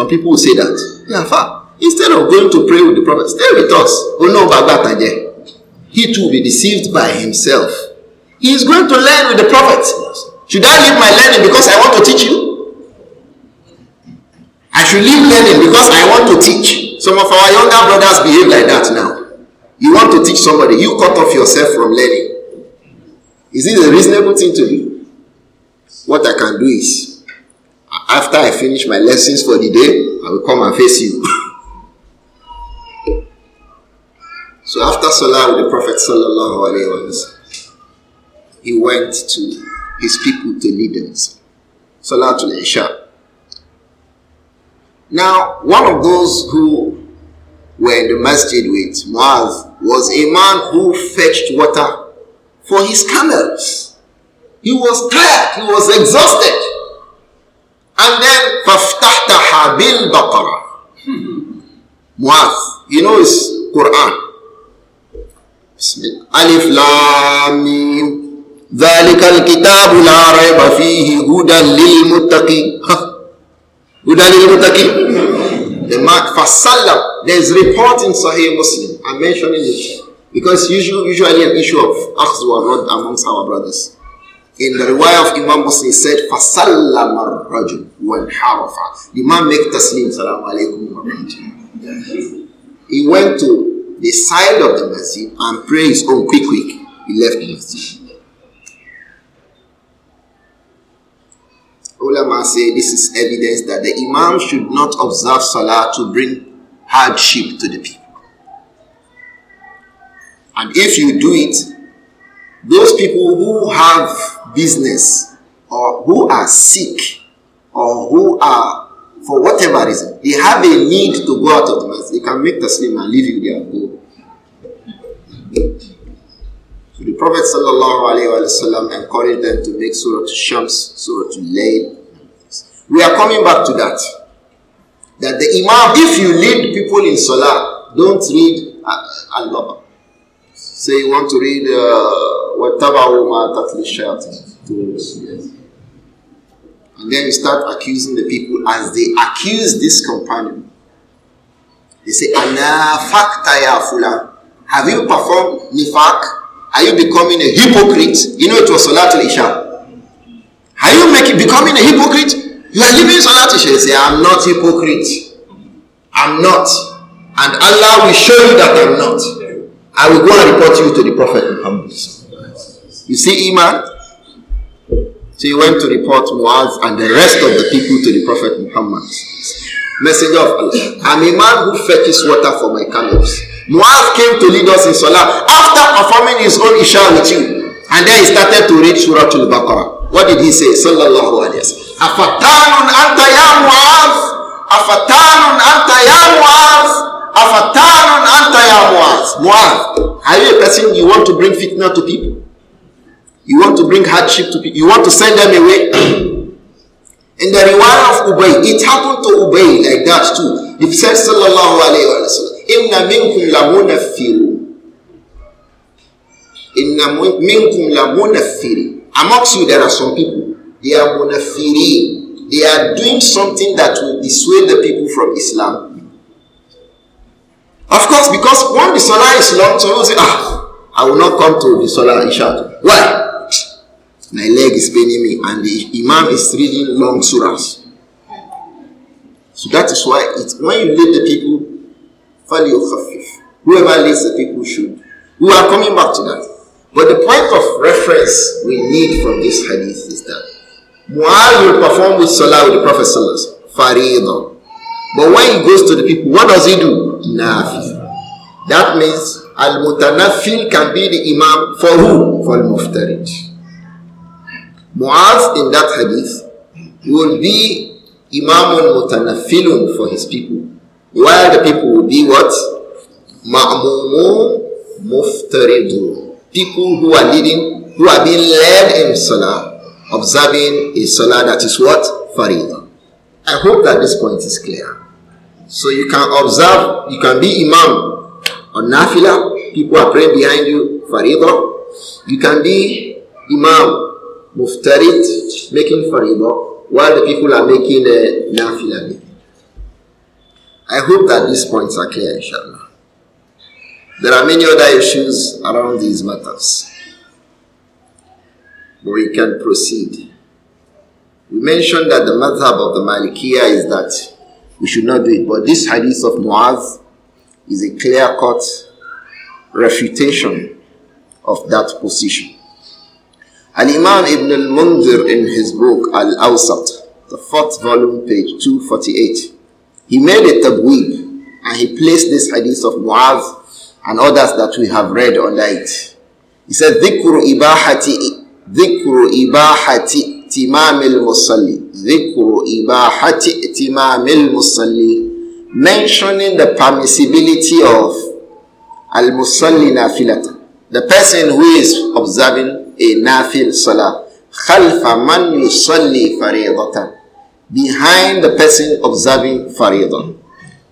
S2: people will say that. Yeah, Instead of going to pray with the Prophet, stay with us. Oh no, Bagbataje. He too will be deceived by himself. He is going to learn with the Prophet. Should I leave my learning because I want to teach you? I should leave learning because I want to teach. Some of our younger brothers behave like that now. You want to teach somebody, you cut off yourself from learning. Is it a reasonable thing to do? What I can do is, after I finish my lessons for the day, I will come and face you. so after Salah with the Prophet sallallahu alaihi wasallam, he went to his people to lead them. Salah to Isha. Now, one of those who were in the masjid with Muaz was a man who fetched water for his camels. He was tired, he was exhausted. And then, فَافْتَحْتَحَ
S3: بِالْبَقَرَةِ
S2: Muaz, you know his Quran. Alif Lam Mim. ذلك الكتاب لا ريب فيه هدى للمتقين هدى للمتقين the mark فسلم there's report in Sahih Muslim. I'm mentioning it because usually, usually an issue of were rod amongst our brothers. In the riwayah of Imam Muslim said, فَسَلَّمَ when وَالْحَرَفَ The man make taslim, salamu alaykum He went to the side of the masjid and prayed his own quick quick. He left the masjid. Ulama say this is evidence that the Imam should not observe Salah to bring hardship to the people. And if you do it, those people who have business or who are sick or who are, for whatever reason, they have a need to go out of the mosque, they can make the slim and leave you there and go. So the Prophet wasallam encouraged them to make Surah to Shams, Surah to Layl. We are coming back to that. That the Imam, if you lead people in Salah, don't read uh, Allah. Say you want to read وَاتَّبَعُوا مَا تَتْلِ And then you start accusing the people as they accuse this companion. They say, أَنَا فَقْتَ يَا Have you performed nifaq? Are you becoming a hypocrite? You know it was Salatul Isha. Are you making, becoming a hypocrite? You are living Salah to say, I'm not hypocrite. I'm not. And Allah will show you that I'm not. I will go and report you to the Prophet Muhammad. You see, Iman? So he went to report Muaz and the rest of the people to the Prophet Muhammad. Messenger of Allah. I'm a man who fetches water for my camels. Muaz came to lead us in Salah after performing his own Isha with you. And then he started to read Surah Al Baqarah. What did he say? Sallallahu Alaihi Wasallam afatanun anta ya muaz afatanun anta ya muaz afatanun anta ya muaz muaz are you a person you want to bring fitna to people you want to bring hardship to people you want to send them away in the reward of ubay it happened to ubay like that too he said sallallahu alayhi wa sallam inna minkum lamunafiru inna minkum lamunafiru amongst you there are some people They are munafirin. They are doing something that will dissuade the people from Islam. Of course, because when the Salah is long, someone will say, ah, I will not come to the solar Isha. Why? My leg is paining me, and the Imam is reading long surahs. So that is why it when you lead the people, value khafif. Whoever leads the people should. We are coming back to that. But the point of reference we need from this hadith is that Mu'adh will perform with salah with the Prophet Faridah. But when he goes to the people, what does he do? Nafi. That means Al-Mutanafil can be the Imam for who? For Al-Muftarid. Mu'az in that hadith will be Imam Imamun Mutanafilun for his people. While the people will be what? Ma'mumun Muftaridun. People who are leading, who are being led in Salah observing a salah that is what? Faridah. I hope that this point is clear. So you can observe, you can be imam on nafila, people are praying behind you, faridah. You can be imam, muftarit, making faridah, while the people are making uh, nafila. I hope that these points are clear, inshallah. There are many other issues around these matters. we can proceed. We mentioned that the madhab of the Malikiya is that we should not do it, but this hadith of Muaz is a clear cut refutation of that position. Al Imam ibn al Munzir in his book Al Awsat, the fourth volume, page 248, he made a tabweeb and he placed this hadith of Muaz and others that we have read under it. He said, ذكر إباحة ائتمام المصلي ذكر إباحة ائتمام المصلي mentioning the permissibility of al-musalli filat the person who is observing a nafil salah khalfa man yusalli faridatan behind the person observing faridah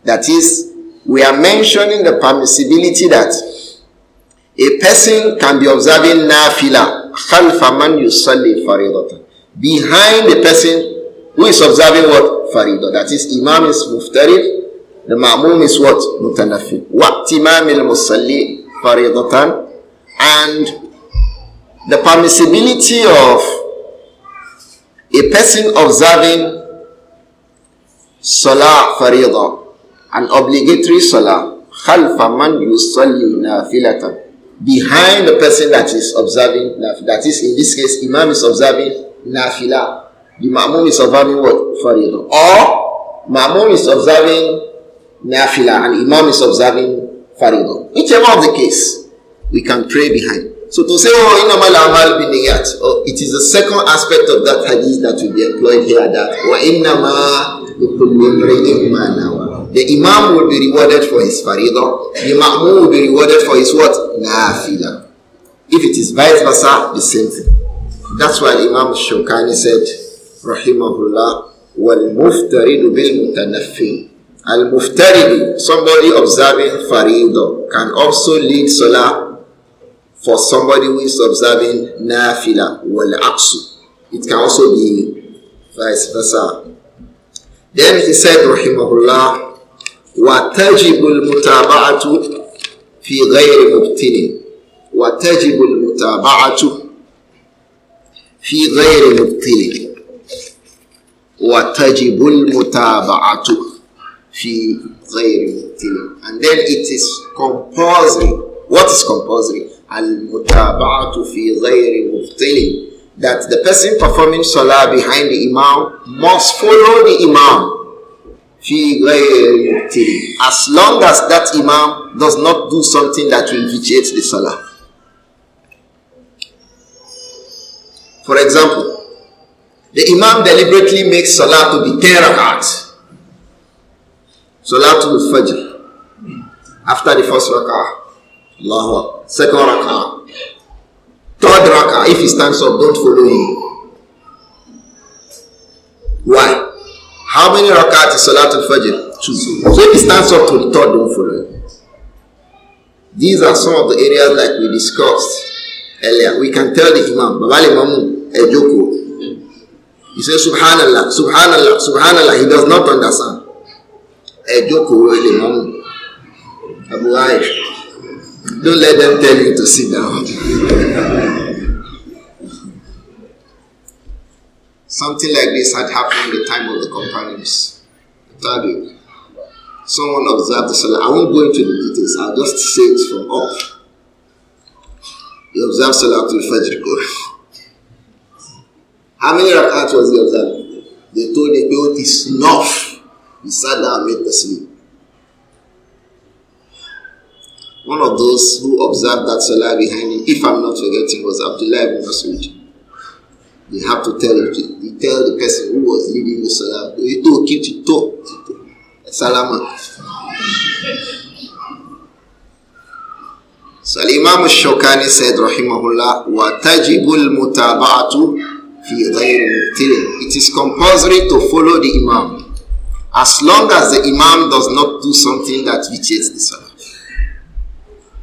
S2: that is we are mentioning the permissibility that a person can be observing nafila خلف من يصلي فريضة behind the person who is observing what فريضة that is imam is مفترض the ma'mum is what متنفل واتمام المصلي فريضة and the permissibility of a person observing صلاة فريضة an obligatory صلاة خلف من يصلي نافلة behind the person that is observing nafila. That is, in this case, Imam is observing nafila. The Ma'mum is observing what? Faridah. Or, Ma'mum is observing nafila and Imam is observing faridah. Whichever of the case, we can pray behind. So to say, oh, innamal amal biniyat, oh, it is the second aspect of that hadith that will be employed here that, wa innama likulli imri'in ma nawa. The Imam will be rewarded for his faridah. The Ma'mun will be rewarded for his what? Nafila. If it is vice versa, the same thing. That's why Imam Shokani said, Rahimahullah, bil بِالْمُتَنَفِّينَ Al-Muftaridu, somebody observing Faridah, can also lead Salah for somebody who is observing Nafila, wal-aqsu. It can also be vice versa. Then he said, Rahimahullah, wàtẹ́jìbù mùtàbáàtú fi ghayri mubtini wàtẹ́jìbù mùtàbáàtú fi ghayri mubtini wàtẹ́jìbù mùtàbáàtú fi ghayri mubtini and then it is compulsory what is compulsory al-mutaba'atu fi ghayri that the person performing salah behind the imam must follow the imam As long as that imam does not do something that will vitiate the salah. For example, the imam deliberately makes salah to be 10 rak'at. Salah to be fajr. After the first rak'ah. Allahu Second rak'ah. Third rak'ah. If he stands up, don't follow him. Why? How many rakat is Salatul Fajr? Two. So if he stands up to the third, don't follow him. These are some of the areas like we discussed earlier. We can tell the Imam, Babali Mamu, Ejoko. He says, Subhanallah, Subhanallah, Subhanallah. He does not understand. Ejoko, Ele Mamu. Abu Aish. Don't let them tell you to sit down. Something like this had happened in the time of the companions. Tabiq. Someone observed the Salah. I won't go into the details, I'll just say it from off. He observed Salah to Fajr. How many rakats was he observing? They told him, it is enough. He sat down and made the sleep. One of those who observed that Salah behind him, if I'm not forgetting, was Abdullah ibn Masud. They have to tell him tell the person who was leading the salam, Eto kiti to talk. salama. So Imam Shokani said, Rahimahullah, wa tajibul mutaba'atu fi It is compulsory to follow the Imam. As long as the Imam does not do something that vitiates the salah.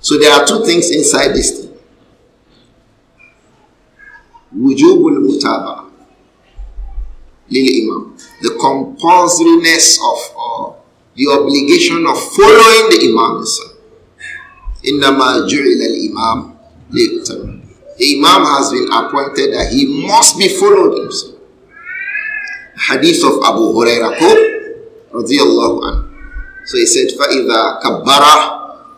S2: So there are two things inside this thing. Wujubul mutaba. lil imam. The compulsoriness of uh, the obligation of following the imam itself. Innama imam The imam has been appointed that he must be followed himself. Hadith of Abu Hurairah radiyallahu anhu. So he said, فَإِذَا كَبَّرَ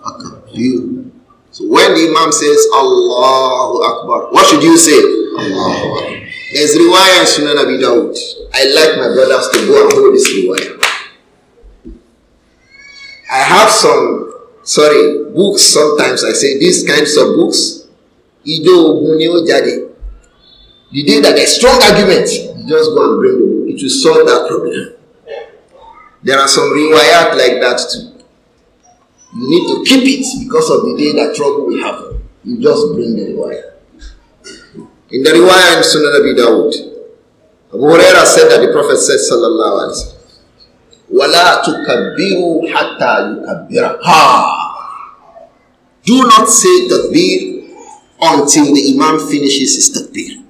S2: أَكَبِّرُ So when the imam says, Allahu Akbar, what should you say? Allahu Akbar. There's riwayah in Sunan Abi Dawud. I like my brothers to go and hold this riwayah. I have some, sorry, books sometimes. I say these kinds of books. Ido Ogunio Jade. The day that there's strong argument, you just go and bring the book. It will solve that problem. There are some riwayat like that too. You need to keep it because of the day that trouble will happen. You just bring the riwayat. In the riwayah in Sunan Abi Dawud, Abu Huraira said that the Prophet said, Sallallahu Alaihi Wasallam, wala tukabbiru hatta yukabbira ha. Do not say takbir until the Imam finishes his takbir.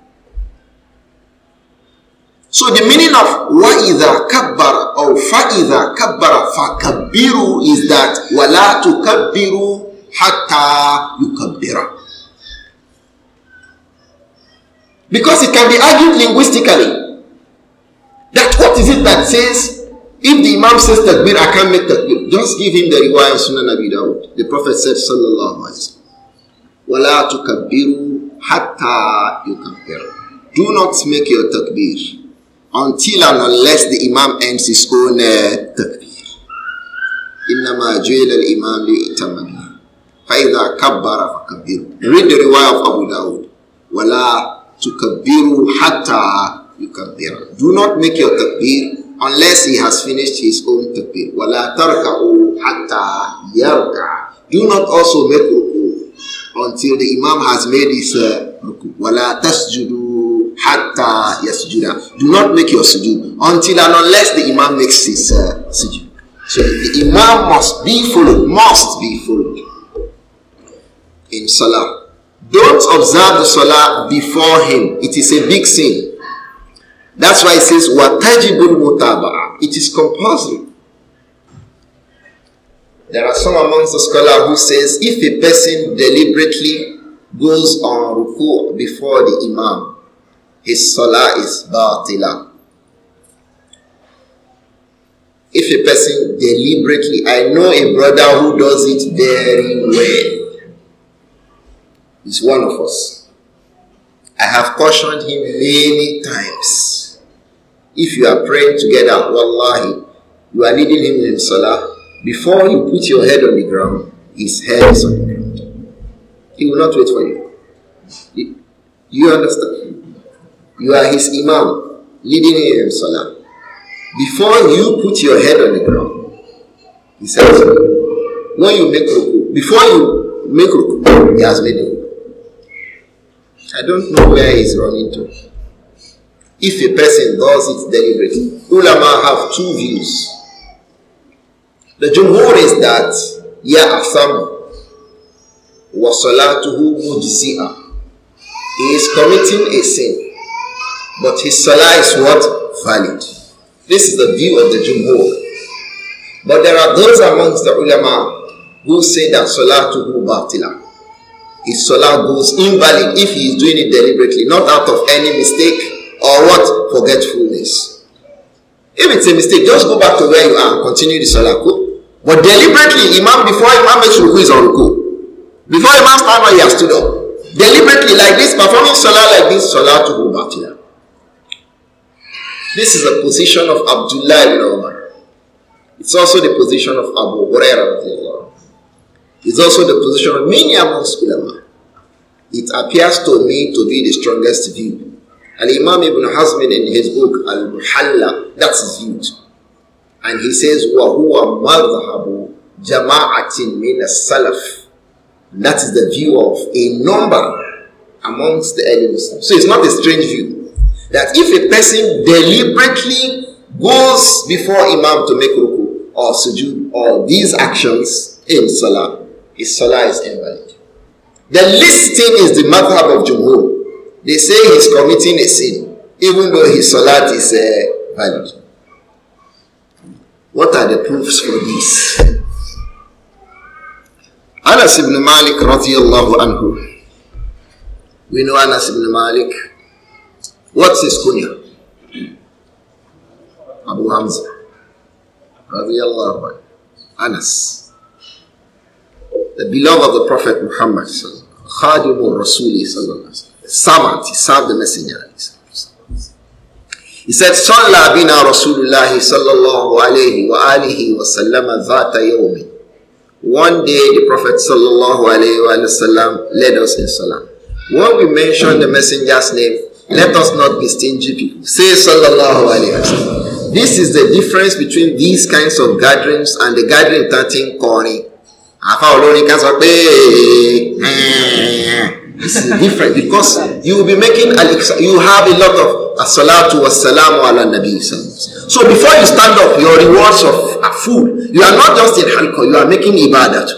S2: So the meaning of wa وَإِذَا كَبَّرَ or kabbara fa kabbiru is that wala tukabbiru hatta yukabbira Because it can be argued linguistically that what is it that says if the Imam says takbir, I can't make takbir. Just give him the riwayah Sunan Abi Dawud. The Prophet said, Sallallahu Alaihi Wasallam, Wala tukabbiru hatta yukabbiru. Do not make your takbir until and unless the Imam ends his own uh, takbir. إنما جعل الإمام ليؤتم به فإذا كبر فكبروا. Read the riwayah of Abu Dawud. ولا to kabiru hatta Do not make your takbir unless he has finished his own takbir. ولا tarka'u حتى yarka. Do not also make ruku until the imam has made his uh, ruku. ولا tasjudu حتى yasjuda. Do not make your sujud until and unless the imam makes his uh, sujud. So the imam must be followed, must be followed in salah. Don't observe the salah before him. It is a big sin. That's why it says watajibul mutaba'a. It is compulsory. There are some amongst the scholars who says if a person deliberately goes on ruku before the imam, his salah is batila. If a person deliberately, I know a brother who does it very well is one of us. I have cautioned him many times. If you are praying together, wallahi, you are leading him in salah. Before you put your head on the ground, his head is on the ground. He will not wait for you. You understand? You are his imam, leading him in salah. Before you put your head on the ground, he says, when you make ruku, before you make ruku, he has made it. I don't know where he's running to. If a person does it deliberately, ulama have two views. The jumhur is that Ya ya'atham wa salatuhu mujzi'a. He is committing a sin, but his salah is what? Valid. This is the view of the jumhur. But there are those amongst the ulama who say that salatuhu batila his salah goes invalid if he is doing it deliberately, not out of any mistake or what? Forgetfulness. If it's a mistake, just go back to where you are and continue the salah. Go. But deliberately, Imam, before Imam makes ruku, is on ruku. Before Imam stand he has stood up. Deliberately, like this, performing salah like this, salah to go back Batila. This is the position of Abdullah ibn Umar. It's also the position of Abu Hurairah. is also the position of many amongst ulama. It appears to me to be the strongest view. Al Imam Ibn Hazm in his book Al Muhalla, that's his view. And he says, وَهُوَ مَذْهَبُ min as-salaf. That That is the view of a number amongst the early Muslims. So it's not a strange view that if a person deliberately goes before Imam to make ruku or sujood or these actions in Salah, his salah is invalid. The least thing is the madhab of Jumhur. They say he's committing a sin, even though his salah is uh, valid. What are the proofs for this? Anas ibn Malik radiallahu anhu. We know Anas ibn Malik. What's his kunya? Abu Hamza radiallahu anhu. Anas the beloved of the Prophet Muhammad, Khadimul Rasuli, servant, he served the messenger. He said, صلى بنا رسول الله صلى الله عليه وآله وسلم ذات يوم. One day the Prophet صلى الله عليه وسلم led us in salah. When we mention the messenger's name, let us not be stingy people. Say sallallahu alayhi wasallam. This is the difference between these kinds of gatherings and the gathering 13 Qurani àfa olórin kan sọ pé it's different because you will be making you have a lot of asalatu wasalamu ala nabi so before you stand up your rewards of food you are not just in halqa you are making ibadat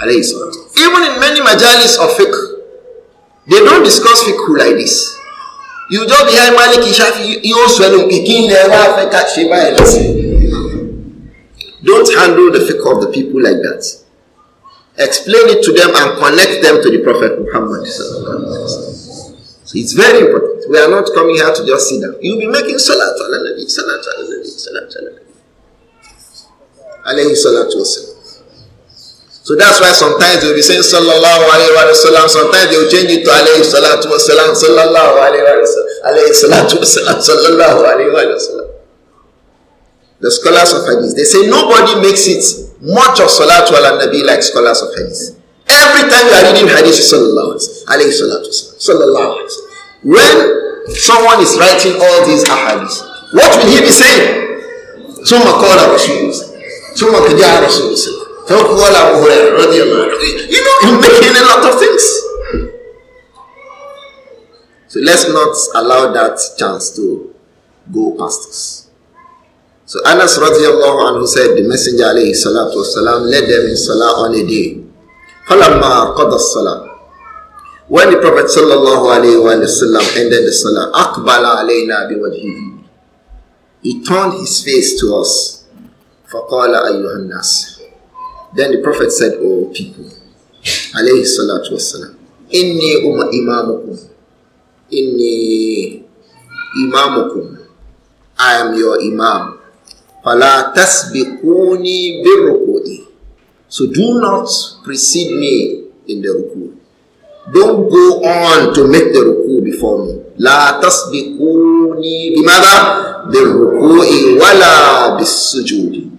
S2: alayhi salatu even in many majalis of fiqh they don't discuss fiqh like this you just be high malik ishafi yóò sọ ẹnu kìkì ilẹ̀ wá fẹ́ Don't handle the fiqh of the people like that. Explain it to them and connect them to the Prophet Muhammad. So it's very important. We are not coming here to just sit down. You'll be making salat ala nabi, salat ala nabi, salat ala nabi. Alayhi salatu wasalam. So that's why sometimes you'll be saying sallallahu alayhi wa sallam. Sometimes they'll change it to alayhi salatu wasalam, sallallahu alayhi wa sallam, alayhi salatu wasalam, sallallahu alayhi wa sallam the scholars of hadith, they say nobody makes it much of salatu ala nabi like scholars of hadith. Every time you are reading hadith, sallallahu alayhi salatu sallallahu alayhi When someone is writing all these ahadith, what will he be saying? ثم قال رسول الله ثم جاء رسول الله ثم قال أبو هريرة You know, he's making a lot of things. So let's not allow that chance to go past us. So Anas radiallahu anhu said, the Messenger alayhi salatu wasalam led them in salah on a day. فَلَمَّا قَضَى الصَّلَاةِ When the Prophet sallallahu alayhi wa sallam ended the salah, أَقْبَلَ عَلَيْنَا بِوَجْهِهِ He turned his face to us. فَقَالَ أَيُّهَا النَّاسِ Then the Prophet said, O oh, people, alayhi salatu wasalam, إِنِّي أُمَ إِمَامُكُمْ إِنِّي إِمَامُكُمْ I am your imam. Fala tasbikuni birruku'i. So do not precede me in the ruku. Don't go on to make the ruku before me. La tasbikuni bimada birruku'i wala bisujudi.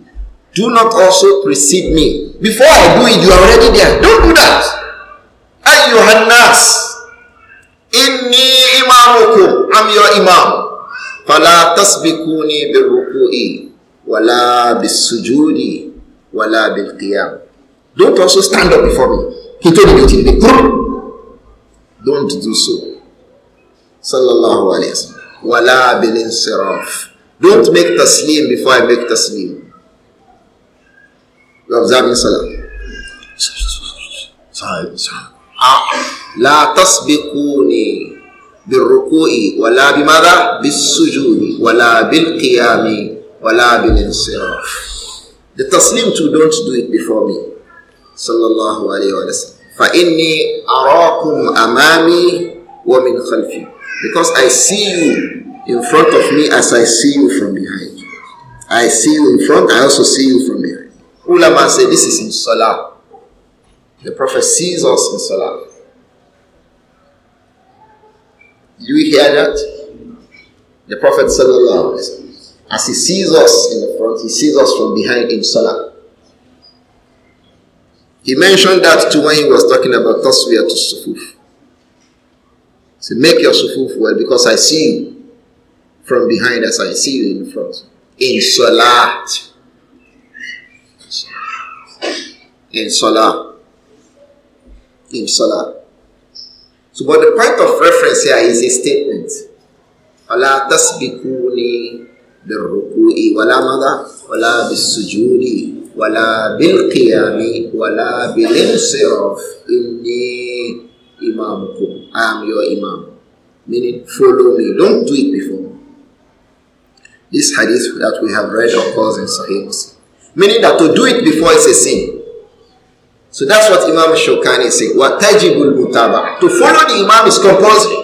S2: Do not also precede me. Before I do it, you are already there. Don't do that. Ayyuhan nas. Inni imamukum. I'm your imam. Fala tasbikuni birruku'i. ولا بالسجود ولا بالقيام. don't also stand up before me kí n tó dìde ti dìde don't do so sallallahu الله wa sallam wala bilinsiraf don't make taslim before i make taslim you observing salam لا tasbiquni بالركوع ولا بماذا بالسجود ولا بالقيام The taslim too, don't do it before me. Sallallahu alayhi wa sallam. فَإِنِّي أَرَاكُمْ أَمَامِي وَمِنْ خَلْفِي Because I see you in front of me as I see you from behind. I see you in front, I also see you from behind. Ulama say this is in Salah. The Prophet sees us in Salah. Do you hear that? The Prophet sallallahu alaihi wasallam. As he sees us in the front, he sees us from behind in Salah. He mentioned that too when he was talking about Taswiyah to Sufuf. He said, Make your Sufuf well because I see you from behind as I see you in front. In salah, In Salah. In Salah. So, but the point of reference here is a statement. Allah tasbikuni بالركوع ولا مضى ولا بالسجود ولا بالقيام ولا بالانصراف إني إمامكم I am your Imam meaning follow me don't do it before me. this hadith that we have read occurs in Sahih Muslim meaning that to do it before is a sin so that's what Imam Shokani said. saying watajibul mutaba to follow the Imam is compulsory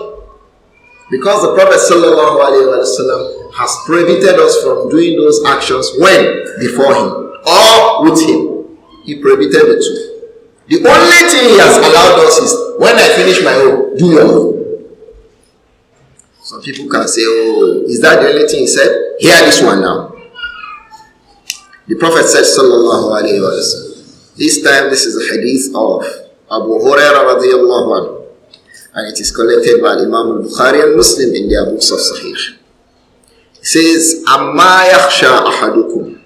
S2: because the Prophet sallallahu alaihi wasallam has prohibited us from doing those actions when? Before Him or with Him. He prohibited the two. The only thing He has allowed us is when I finish my own, do your own. Some people can say, Oh, is that the only thing He said? Hear this one now. The Prophet said, Sallallahu Alaihi Wasallam. This time, this is a hadith of Abu Hurairah radiallahu anhu. And it is collected by Imam al Bukhari and Muslim in their books of Sahih. says, "Amma yakhsha ahadukum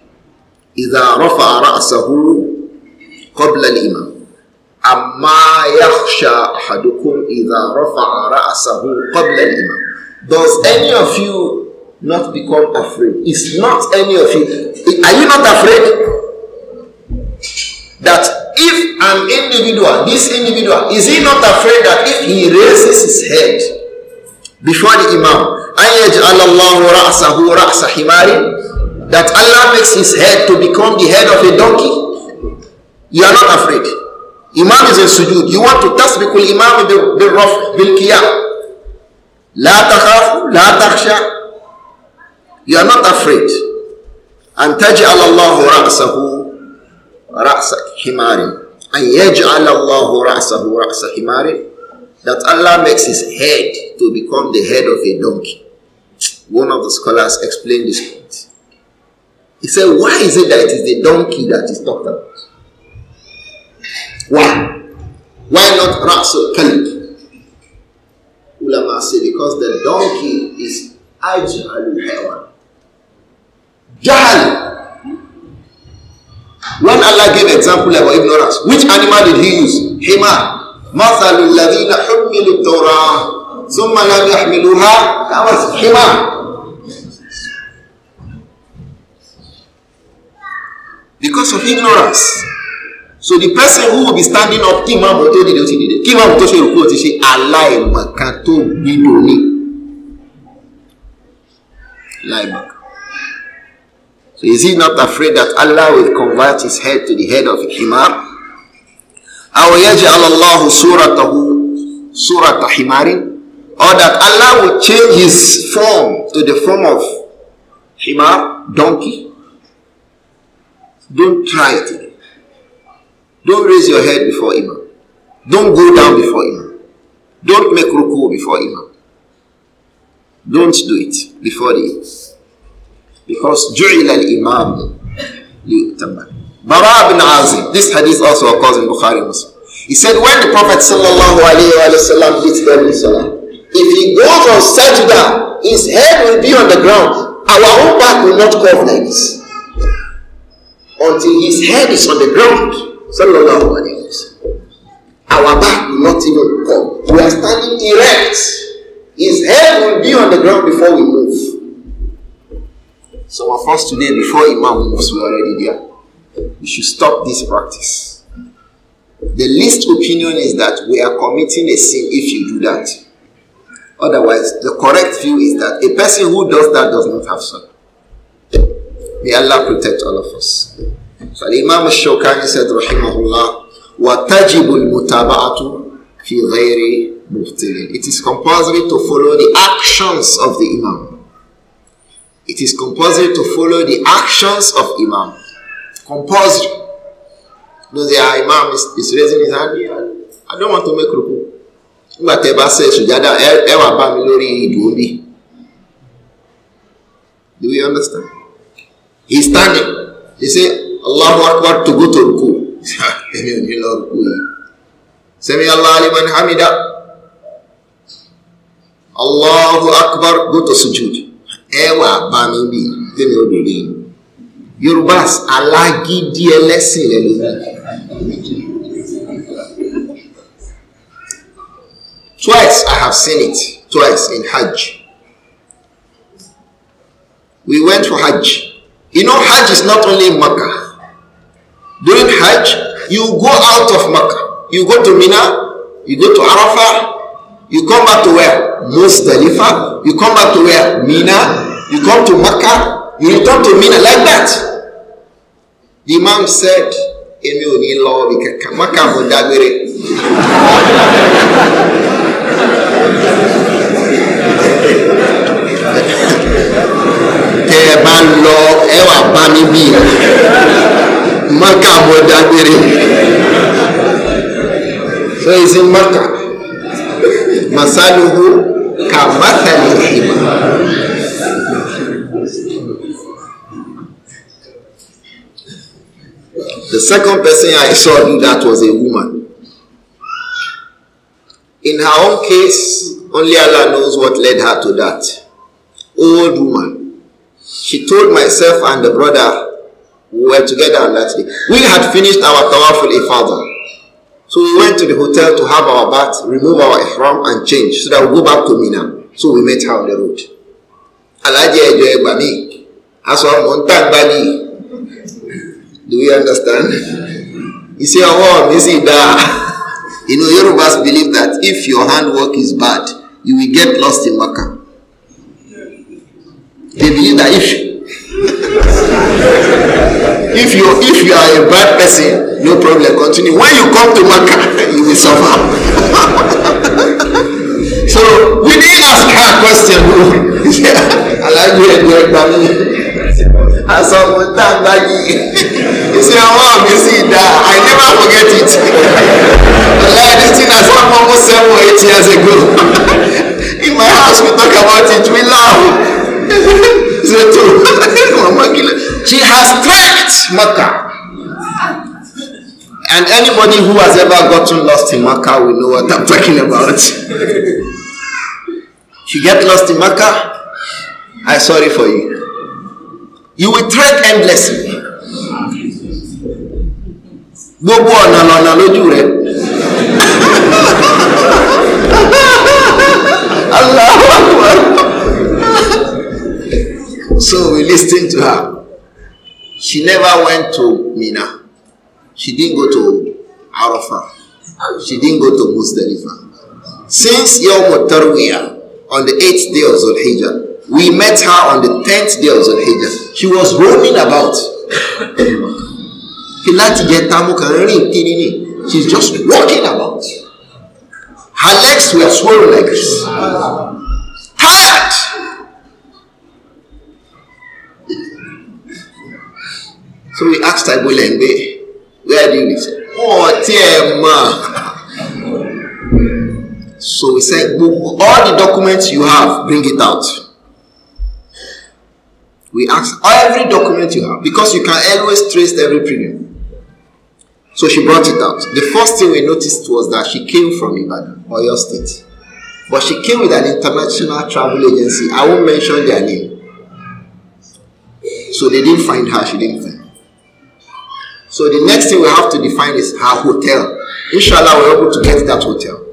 S2: idha rafa'a ra'sahu qabla al-imam." Amma yakhsha ahadukum idha rafa'a ra'sahu qabla al-imam. Does any of you not become afraid? Is not any of you? Are you not afraid that if an individual, this individual, is he not afraid that if he raises his head? before the Imam. أَيَجْعَلَ اللَّهُ رَأْسَهُ ra'sa himari. That Allah makes his head to become the head of a donkey. You are not afraid. Imam is in sujood. You want to tasbih imam بالرفع بالقيام. لا takhafu لا تخشى. You are not afraid. أن تجعل الله رأسه رأس حمار أن يجعل الله رأسه رأس حمار that Allah makes his head to become the head of a donkey. One of the scholars explained this point. He said, Why is it that it is the donkey that is talked about? Why? Why not Rasul Kalib? Ulama say, Because the donkey is Ajhalul Hayawan. Jahal when Allah gave example about ignorance, which animal did he use? Hema." مثل الذين حملوا التوراة ثم لم يحملوها كمثل حمار because of ignorance so the person who will be standing up kí ìmáàmù tó dìde ó ti dìde kí ìmáàmù tó ṣe òkú ó ti ṣe aláìmọ̀kan tó gbìdò ní aláìmọ̀kan so is he not afraid that Allah will convert his head to the head of himar أو يجعل الله صورته صورة حمار or that Allah will change his form to the form of himar, donkey. Don't try it again. Don't raise your head before Imam. Don't go down before Imam. Don't make ruku before Imam. Don't do it before the Because جعل الإمام ليؤتم Bara bin Azim, this hadith also occurs in Bukhari Muslim. He said, when the Prophet sallallahu alayhi wa leads them in salah, if he goes on sajda, his head will be on the ground. Our own back will not curve like this. Until his head is on the ground. Sallallahu alayhi wa Our back will not even curve. We are standing erect. His head will be on the ground before we move. So, of us today, before Imam moves, we are already there. You should stop this practice. The least opinion is that we are committing a sin if you do that. Otherwise, the correct view is that a person who does that does not have son. May Allah protect all of us. So Imam Shawkani said, Rahimahullah, وَتَجِبُ الْمُتَابَعَةُ فِي غَيْرِ مُبْتِلٍ It is compulsory to follow the actions of the Imam. It is compulsory to follow the actions of Imam. compulsory. No, the imam is, is raising his hand. I don't want to make ruku. Nígbà tẹ́ bá ṣe sùjádà ẹ wà bá mi lórí ìdúró bí. Do you understand? He is standing. He say Allahu akbar to go to ruku. Èmi ò ní lọ ruku yìí. Sẹ́mi Allah liman hamida. Allahu akbar go to sujud. Ẹ wà bá mi bí. Tẹ́mi ò dòde yìí yorùbá alágídí ẹlẹ́sìn rẹ̀ ló ní. twice i have seen it twice in hajj we went for hajj you know hajj is not only in makkah during hajj you go out of makkah you go to mina you go to arafah you come back to where? Muzdalifah. You come back to where? Mina. You come to Mecca. You talk to me like that. The imam said, "Emi ò ní lọ bí kankan, má kà mọ́ dágbére. Tẹ ẹ bá ń lọ, ẹ wà bá mi bí. Má kà mọ́ So he's in Makkah. Masaluhu ka mathali hima. The second person I saw do that was a woman. In her own case, only Allah knows what led her to that. Old woman. She told myself and the brother, we were together on that day. We had finished our tawaful ifada. So we went to the hotel to have our bath, remove our ihram and change so that we go back to Mina. So we met her on the road. Alaji Ejo Egbami. Aswa Montagbani do we understand You iṣẹ́ ọwọ́ mi sì dáa you know Yorubas believe that if your handwork is bad you will get lost in Makkah they believe that if if you if you are a bad person no problem continue when you come to Makkah you will suffer so we need ask her question o alaji ẹni ẹgbàá mi aṣọ mo tá a gbá yìí iṣẹ́ ọwọ́ mi sì dá I never forget it ọ̀la this thing na sọ fún almost seven or eight years ago in my house we talk about it we laugh ṣe tó mama kila she has cracked Maka, and anybody who has ever gotten lost in Maka will know what I'm talking about. If you get lost in Maka, I'm sorry for you you will trade endlessly gbogbo ọ̀nà lọ́nà lójú rẹ̀
S3: Allahu Akbar
S2: so we listened to her she never went to Mina she didn't go to Arafah she didn't go to Muzdalifah since Yom Tarwiyah on the eighth day of Zulhijjah We met her on the tenth day of Zulhijjah. She was roaming about. láti jẹ tamu kan rìn kiri ni she is just walking about. Her legs were swollen like this. Tired. so we asked Agbolengbe, where do you live? Oh, dear ma. So we said, all the documents you have, bring it out. We ask every document you have because you can always trace every premium. So she brought it out. The first thing we noticed was that she came from Ibadan, Oyo State. But she came with an international travel agency. I won't mention their name. So they didn't find her, she didn't find So the next thing we have to define is her hotel. Inshallah, we're able to get that hotel.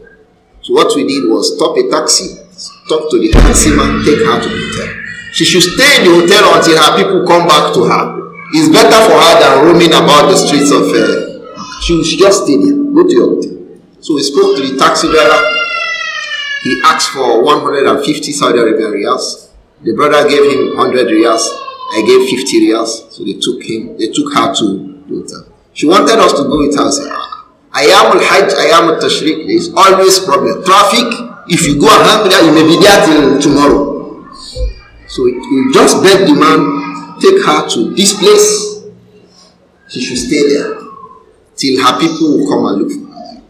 S2: So what we did was stop a taxi, talk to the taxi man, take her to the hotel. She should stay in the hotel until her people come back to her. It's better for her than roaming about the streets of. Uh, she should just stay there. Go to your hotel. So we spoke to the taxi driver. He asked for 150 Saudi Arabian riyals. The brother gave him 100 riyals. I gave 50 riyals. So they took him. They took her to the hotel. She wanted us to go with her. I ah, am al-Hajj, I Ayam al-Tashriq. There's always problem. Traffic, if you go and there, you may be there till tomorrow. So he just beg the man, take her to this place. She should stay there till her people will come and look for her.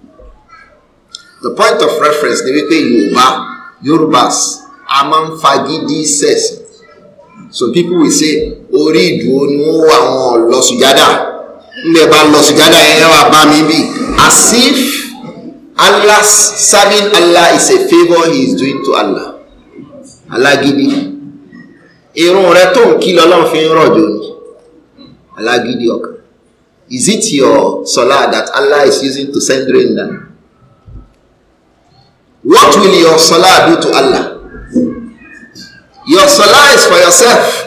S2: The point of reference the way Yorùbá Yorùbás a máa ń So people will say orí ìdúró ni wọ́n wà wọn lọ sùjádà. Nílẹ̀ bá lọ sùjádà yẹn wà bá mi bì. As if Allah serving Allah is a favour he is doing to Allah. Alágídí irun rẹ tó ń kí lọ́lọ́run fi ń rọ̀jò ni alágídí ọkàn is it your salah that Allah is using to send rain down what will your salah do to Allah your salah is for yourself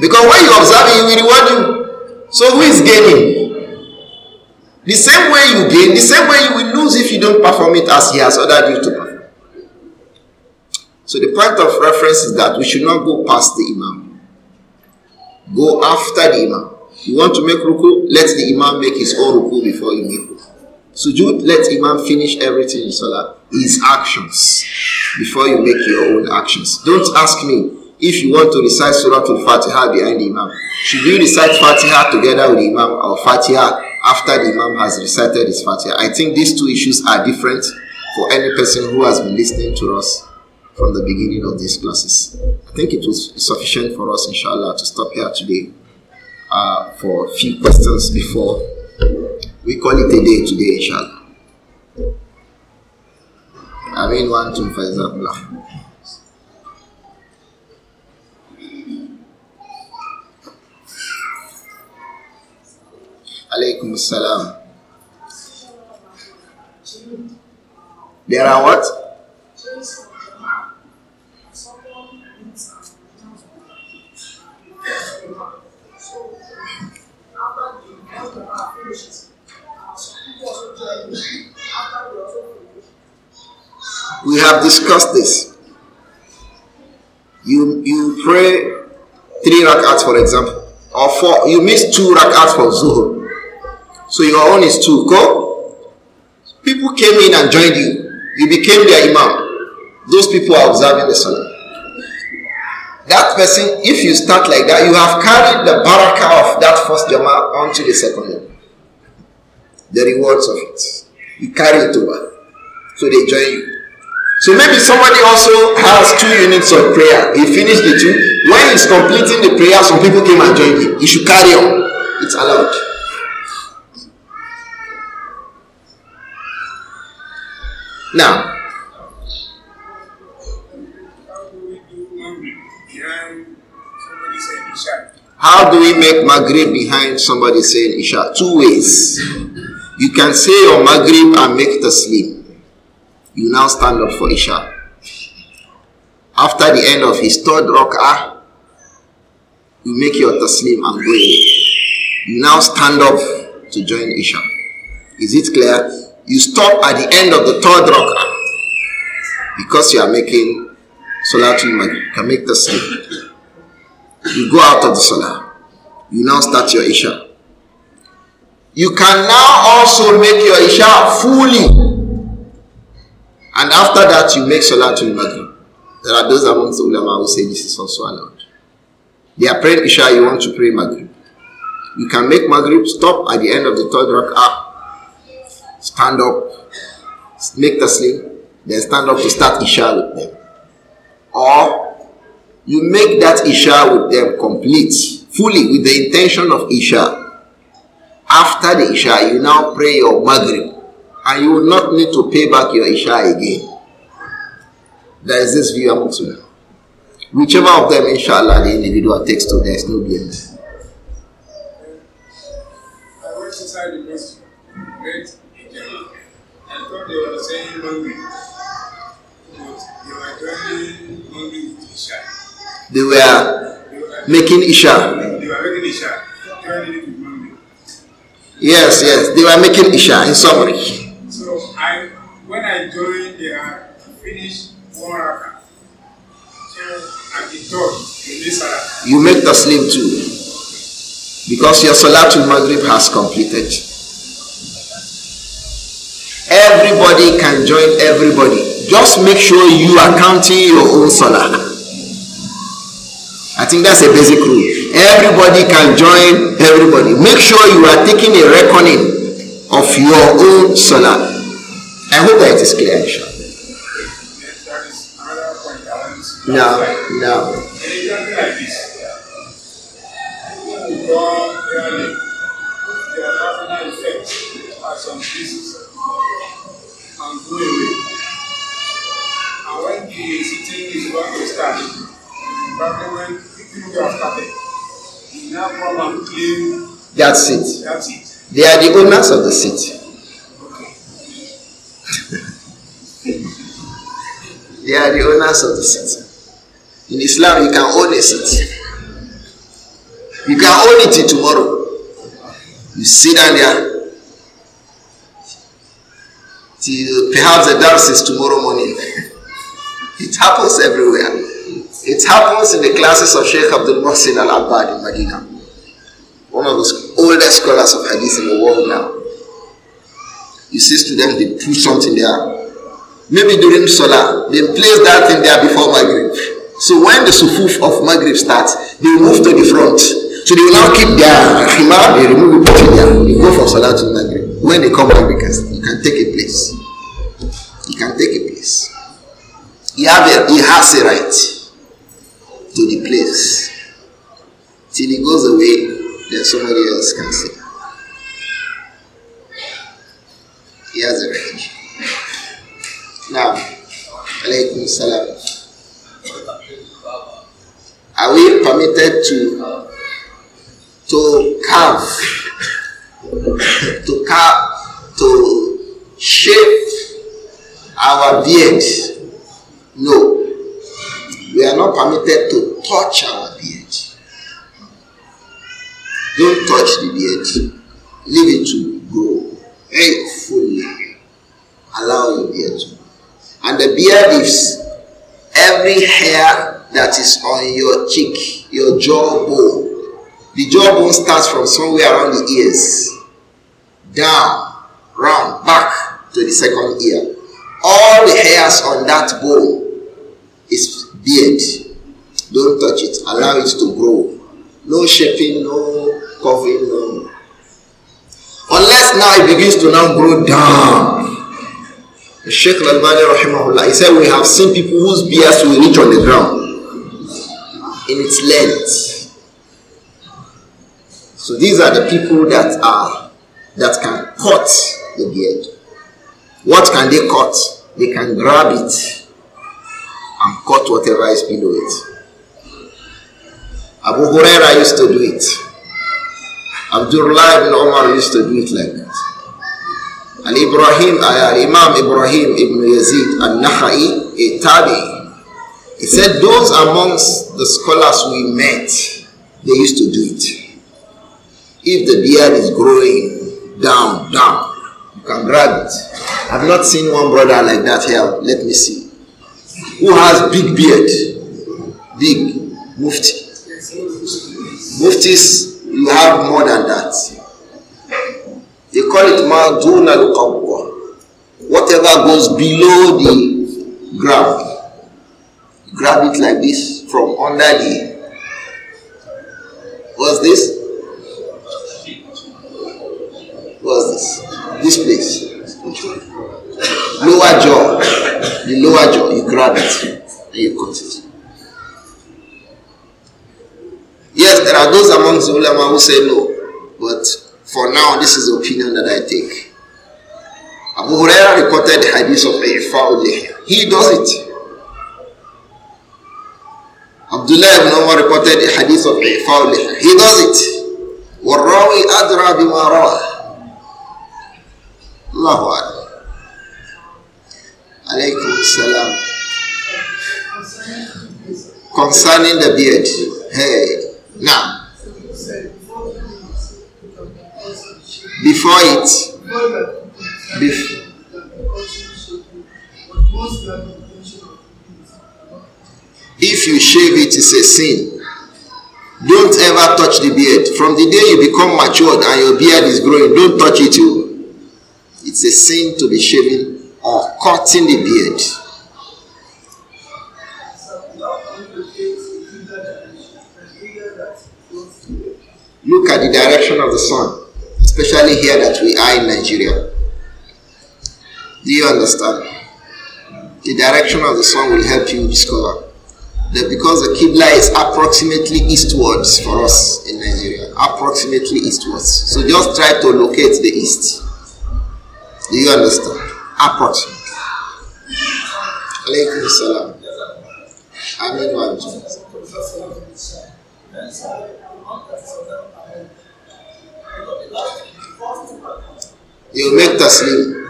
S2: because when you observe he will reward you so who is gaining the same way you gain the same way you will lose if you don't perform it as he has ordered you to perform. So the point of reference is that we should not go past the Imam. Go after the Imam. You want to make ruku? Let the Imam make his own ruku before you make ruku. Sujood, let Imam finish everything in Salah, his actions, before you make your own actions. Don't ask me if you want to recite Surah to Fatiha behind the Imam. Should you recite Fatiha together with the Imam or Fatiha after the Imam has recited his Fatiha? I think these two issues are different for any person who has been listening to us from the beginning of these classes. I think it was sufficient for us, inshallah, to stop here today uh, for a few questions before we call it a day today, inshallah. I mean, one to for example. Alaykum assalam. There are what? We have discussed this. You you pray three rakats, for example, or four. You miss two rakats for zuhur, so your own is two. Go. People came in and joined you. You became their imam. Those people are observing the salah that person, if you start like that, you have carried the barakah of that first jama onto the second one. The rewards of it. You carry it over. So they join you. So maybe somebody also has two units of prayer. He finished the two. When he's completing the prayer, some people came and joined him. He should carry on. It's allowed. Now,
S3: How do we make
S2: Maghrib behind somebody saying Isha? Two ways. You can say your Maghrib and make Taslim. You now stand up for Isha. After the end of his third rak'ah, you make your Taslim and go away. You now stand up to join Isha. Is it clear? You stop at the end of the third rak'ah because you are making Salatul Maghrib. You can make Taslim. You go out of the salah. You now start your Isha. You can now also make your Isha fully. And after that, you make to Maghrib. There are those amongst the ulama who say this is also allowed. They are praying Isha, you want to pray Maghrib. You can make Maghrib stop at the end of the third rak'ah. Stand up, make the sleep, then stand up to start Isha with them. Or you make that Isha with them complete, fully, with the intention of Isha. After the Isha, you now pray your Maghrib, and you will not need to pay back your Isha again. There is this view amongst them. Whichever of them, inshallah, the individual takes to, there is no blame. saying Mangi,
S3: but they were joining Mangi with Isha.
S2: They were making Isha. Yes, yes, they were making Isha in summary.
S3: So I, when I joined, they are finished one raka. So at the done,
S2: you make the slave too. Because your Salatul Maghrib has completed. Everybody can join everybody. Just make sure you are counting your own Salah think that's a basic rule everybody can join everybody make sure you are taking a reckoning of your own salah i hope that is clear inshallah No, no.
S3: some pieces
S2: you have that's it. They are the owners of the seat. they are the owners of the seat. In Islam, you can own a seat. You can own it tomorrow. You sit down there till perhaps the dance is tomorrow morning. it happens everywhere. It happens in the classes of Sheikh Abdul Muhsin Al Abad in Medina, one of the oldest scholars of hadith in the world now. You see students, they put something there. Maybe during Salah, they place that thing there before Maghrib. So when the sufuf of Maghrib starts, they move to the front. So they will now keep their khimar, they remove it, there. They go for Salah to Maghrib. When they come back, because you can take a place. You can take a place. You have a, he has a right to the place till it goes away, then somebody else can see. He has a range. Now, alaykum salam. Are we permitted to to carve, to carve, to shape our beard? No. We are not permitted to touch our beard. Don't touch the beard. Leave it to grow very fully. Allow your beard to grow. And the beard is every hair that is on your cheek, your jawbone. The jawbone starts from somewhere around the ears, down, round, back to the second ear. All the hairs on that bone is beard don't touch it allow it to grow no shaping no covering no unless now it begins to now grow down Sheikh Al-Albani rahimahullah he said we have seen people whose beards will reach on the ground in its length so these are the people that are that can cut the beard what can they cut they can grab it and cut whatever is below it. Abu Huraira used to do it. Abdullah ibn Omar used to do it like that. And Ibrahim, uh, uh Imam Ibrahim ibn Yazid al Nahai, a tabi, he said, Those amongst the scholars we met, they used to do it. If the beard is growing down, down, you can grab it. I've not seen one brother like that here. Let me see. who has big beard big mufti muftis you have more than that they call it maduna lukabwa whatever goes below the ground grab it like this from under the what's this what's this this place lower jaw the lower jaw, you grab it and you cut it. Yes, there are those among the ulama who say no, but for now, this is the opinion that I take. Abu Huraira reported the hadith of Ifa'ul He does it. Abdullah ibn Umar reported the hadith of Ifa'ul He does it. وَالرَّاوِي أَدْرَى بِمَا رَوَى الله أعلم Alaykum salam. Concerning the beard, hey, now. Before it, before. If you shave it, it's a sin. Don't ever touch the beard. From the day you become matured and your beard is growing, don't touch it. You. Oh. It's a sin to be shaving or cutting the beard.
S3: Look at the direction of the sun, especially here that we are in Nigeria. Do you understand? The direction of the sun will help you discover
S2: that because the Qibla is approximately eastwards for us in Nigeria, approximately eastwards. So just try to locate the east. Do you understand? approach. Alaykum salam. Amin wa You make taslim.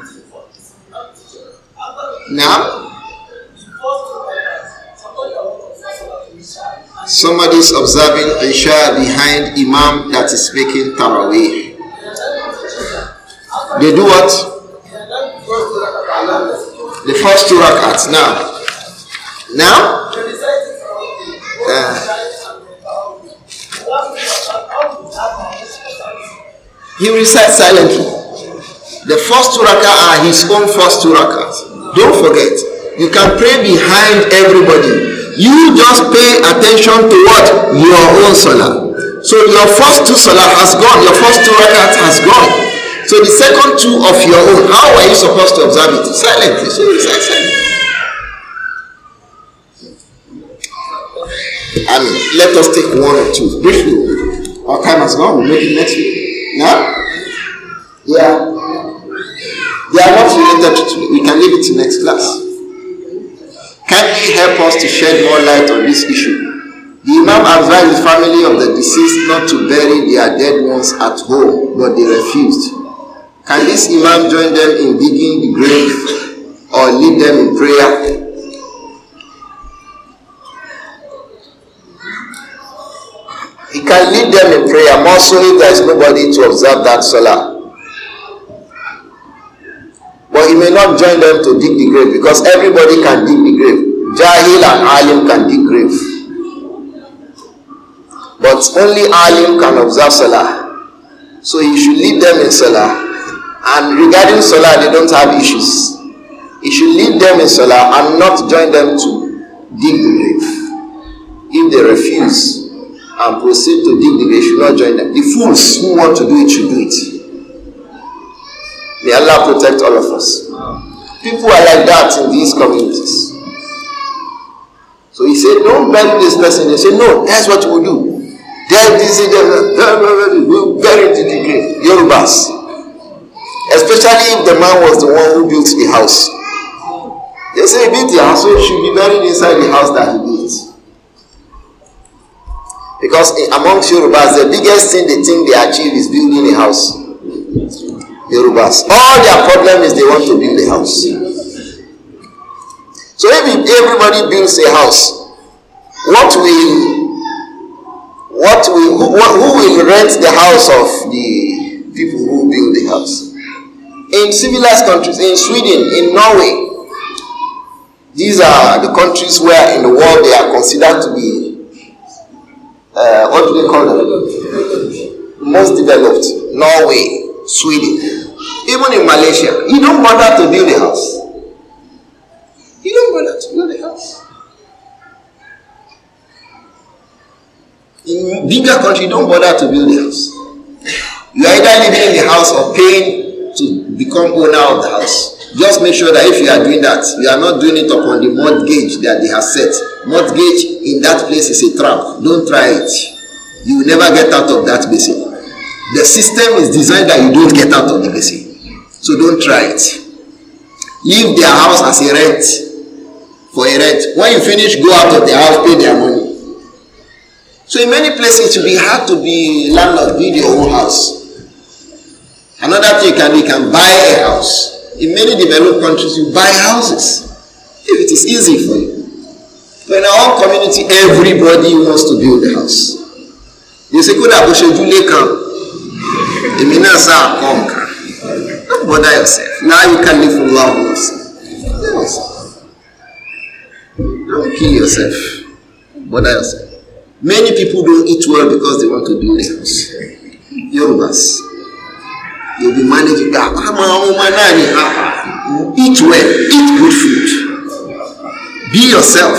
S2: Now, somebody is observing Isha behind Imam that is making Taraweeh. They do what? The first two rakats now.
S3: Now? Uh,
S2: he recites silently. The first two rakah are his own first two rakahs. Don't forget, you can pray behind everybody. You just pay attention to what? Your own salah. So your first two salah has gone, your first two rakahs has gone. So the second two of your own, how are you supposed to observe it? Silently. So you say silent. And let us take one or two briefly. Our time has gone. We'll make it next week. Yeah? Yeah. They are not related to today. We can leave it to next class. Can you help us to shed more light on this issue? The Imam advised the family of the deceased not to bury their dead ones at home, but they refused. Can this Imam join them in digging the grave or lead them in prayer? He can lead them in prayer, more so if there is nobody to observe that salah. But he may not join them to dig the grave because everybody can dig the grave. Jahil and Alim can dig grave. But only Alim can observe salah. So he should lead them in salah. And regarding Salah, they don't have issues. You should leave them in Salah and not join them to dig the grave. If they refuse and proceed to dig the grave, you should not join them. The fools who want to do it should do it. May Allah protect all of us. People are like that in these communities. So he said, Don't bury this person. They say, No, that's what we do. Dead disease, we'll bury it in the grave. Yorubas especially if the man was the one who built the house. They say he built the house, so he should be buried inside the house that he built. Because amongst Yorubas, the biggest thing they think they achieve is building a house. Yorubas. All their problem is they want to build a house. So if everybody builds a house, what will what will who, who will rent the house of the people who build the house? in civilized countries, in Sweden, in Norway, these are the countries where in the world they are considered to be, uh, what do they call them? Most developed. Norway, Sweden, even in Malaysia. You don't bother to build a house. You don't bother to build a house. In bigger country, you don't bother to build a house. You either living in the house or paying to become owner of the house. Just make sure that if you are doing that, you are not doing it upon the mortgage that they have set. Mortgage in that place is a trap. Don't try it. You will never get out of that basin. The system is designed that you don't get out of the basin. So don't try it. Leave their house as a rent for a rent. When you finish, go out of the house, pay their money. So in many places, it will be hard to be landlord, build your own house. Another thing can you can buy a house. In many developed countries, you buy houses if it is easy for you. But in our own community, everybody wants to build a house. You say, kódà kò ṣojú lé kan, èmi náà Don't bother yourself. Now you can live for love yourself. Yes. Don't kill yourself. Bother yourself. Many people don't eat well because they want to build a house. Yorubas you be manage gba àmọ́ àwọn ọmọ náà ni eat well eat good food be yourself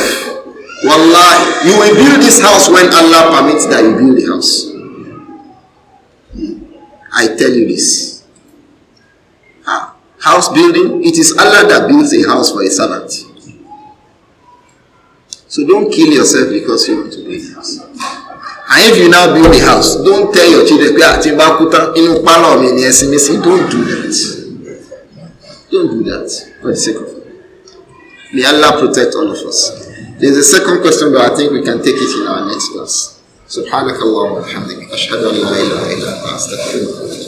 S2: wallahi you will build this house when Allah permit that you build the house I tell you this ah, house building it is allah that builds a house for a servant so don't kill yourself because you want to build a house
S1: and if you now build a house
S2: don't tell your children pé àti ah, bá kú tán you know, mi ni ẹ̀sìn mi sí don't do that don't do that for the sake of God may Allah protect all of us there is a second question but I think we can take it in our next class سبحانك اللهم وبحمدك
S3: أشهد أن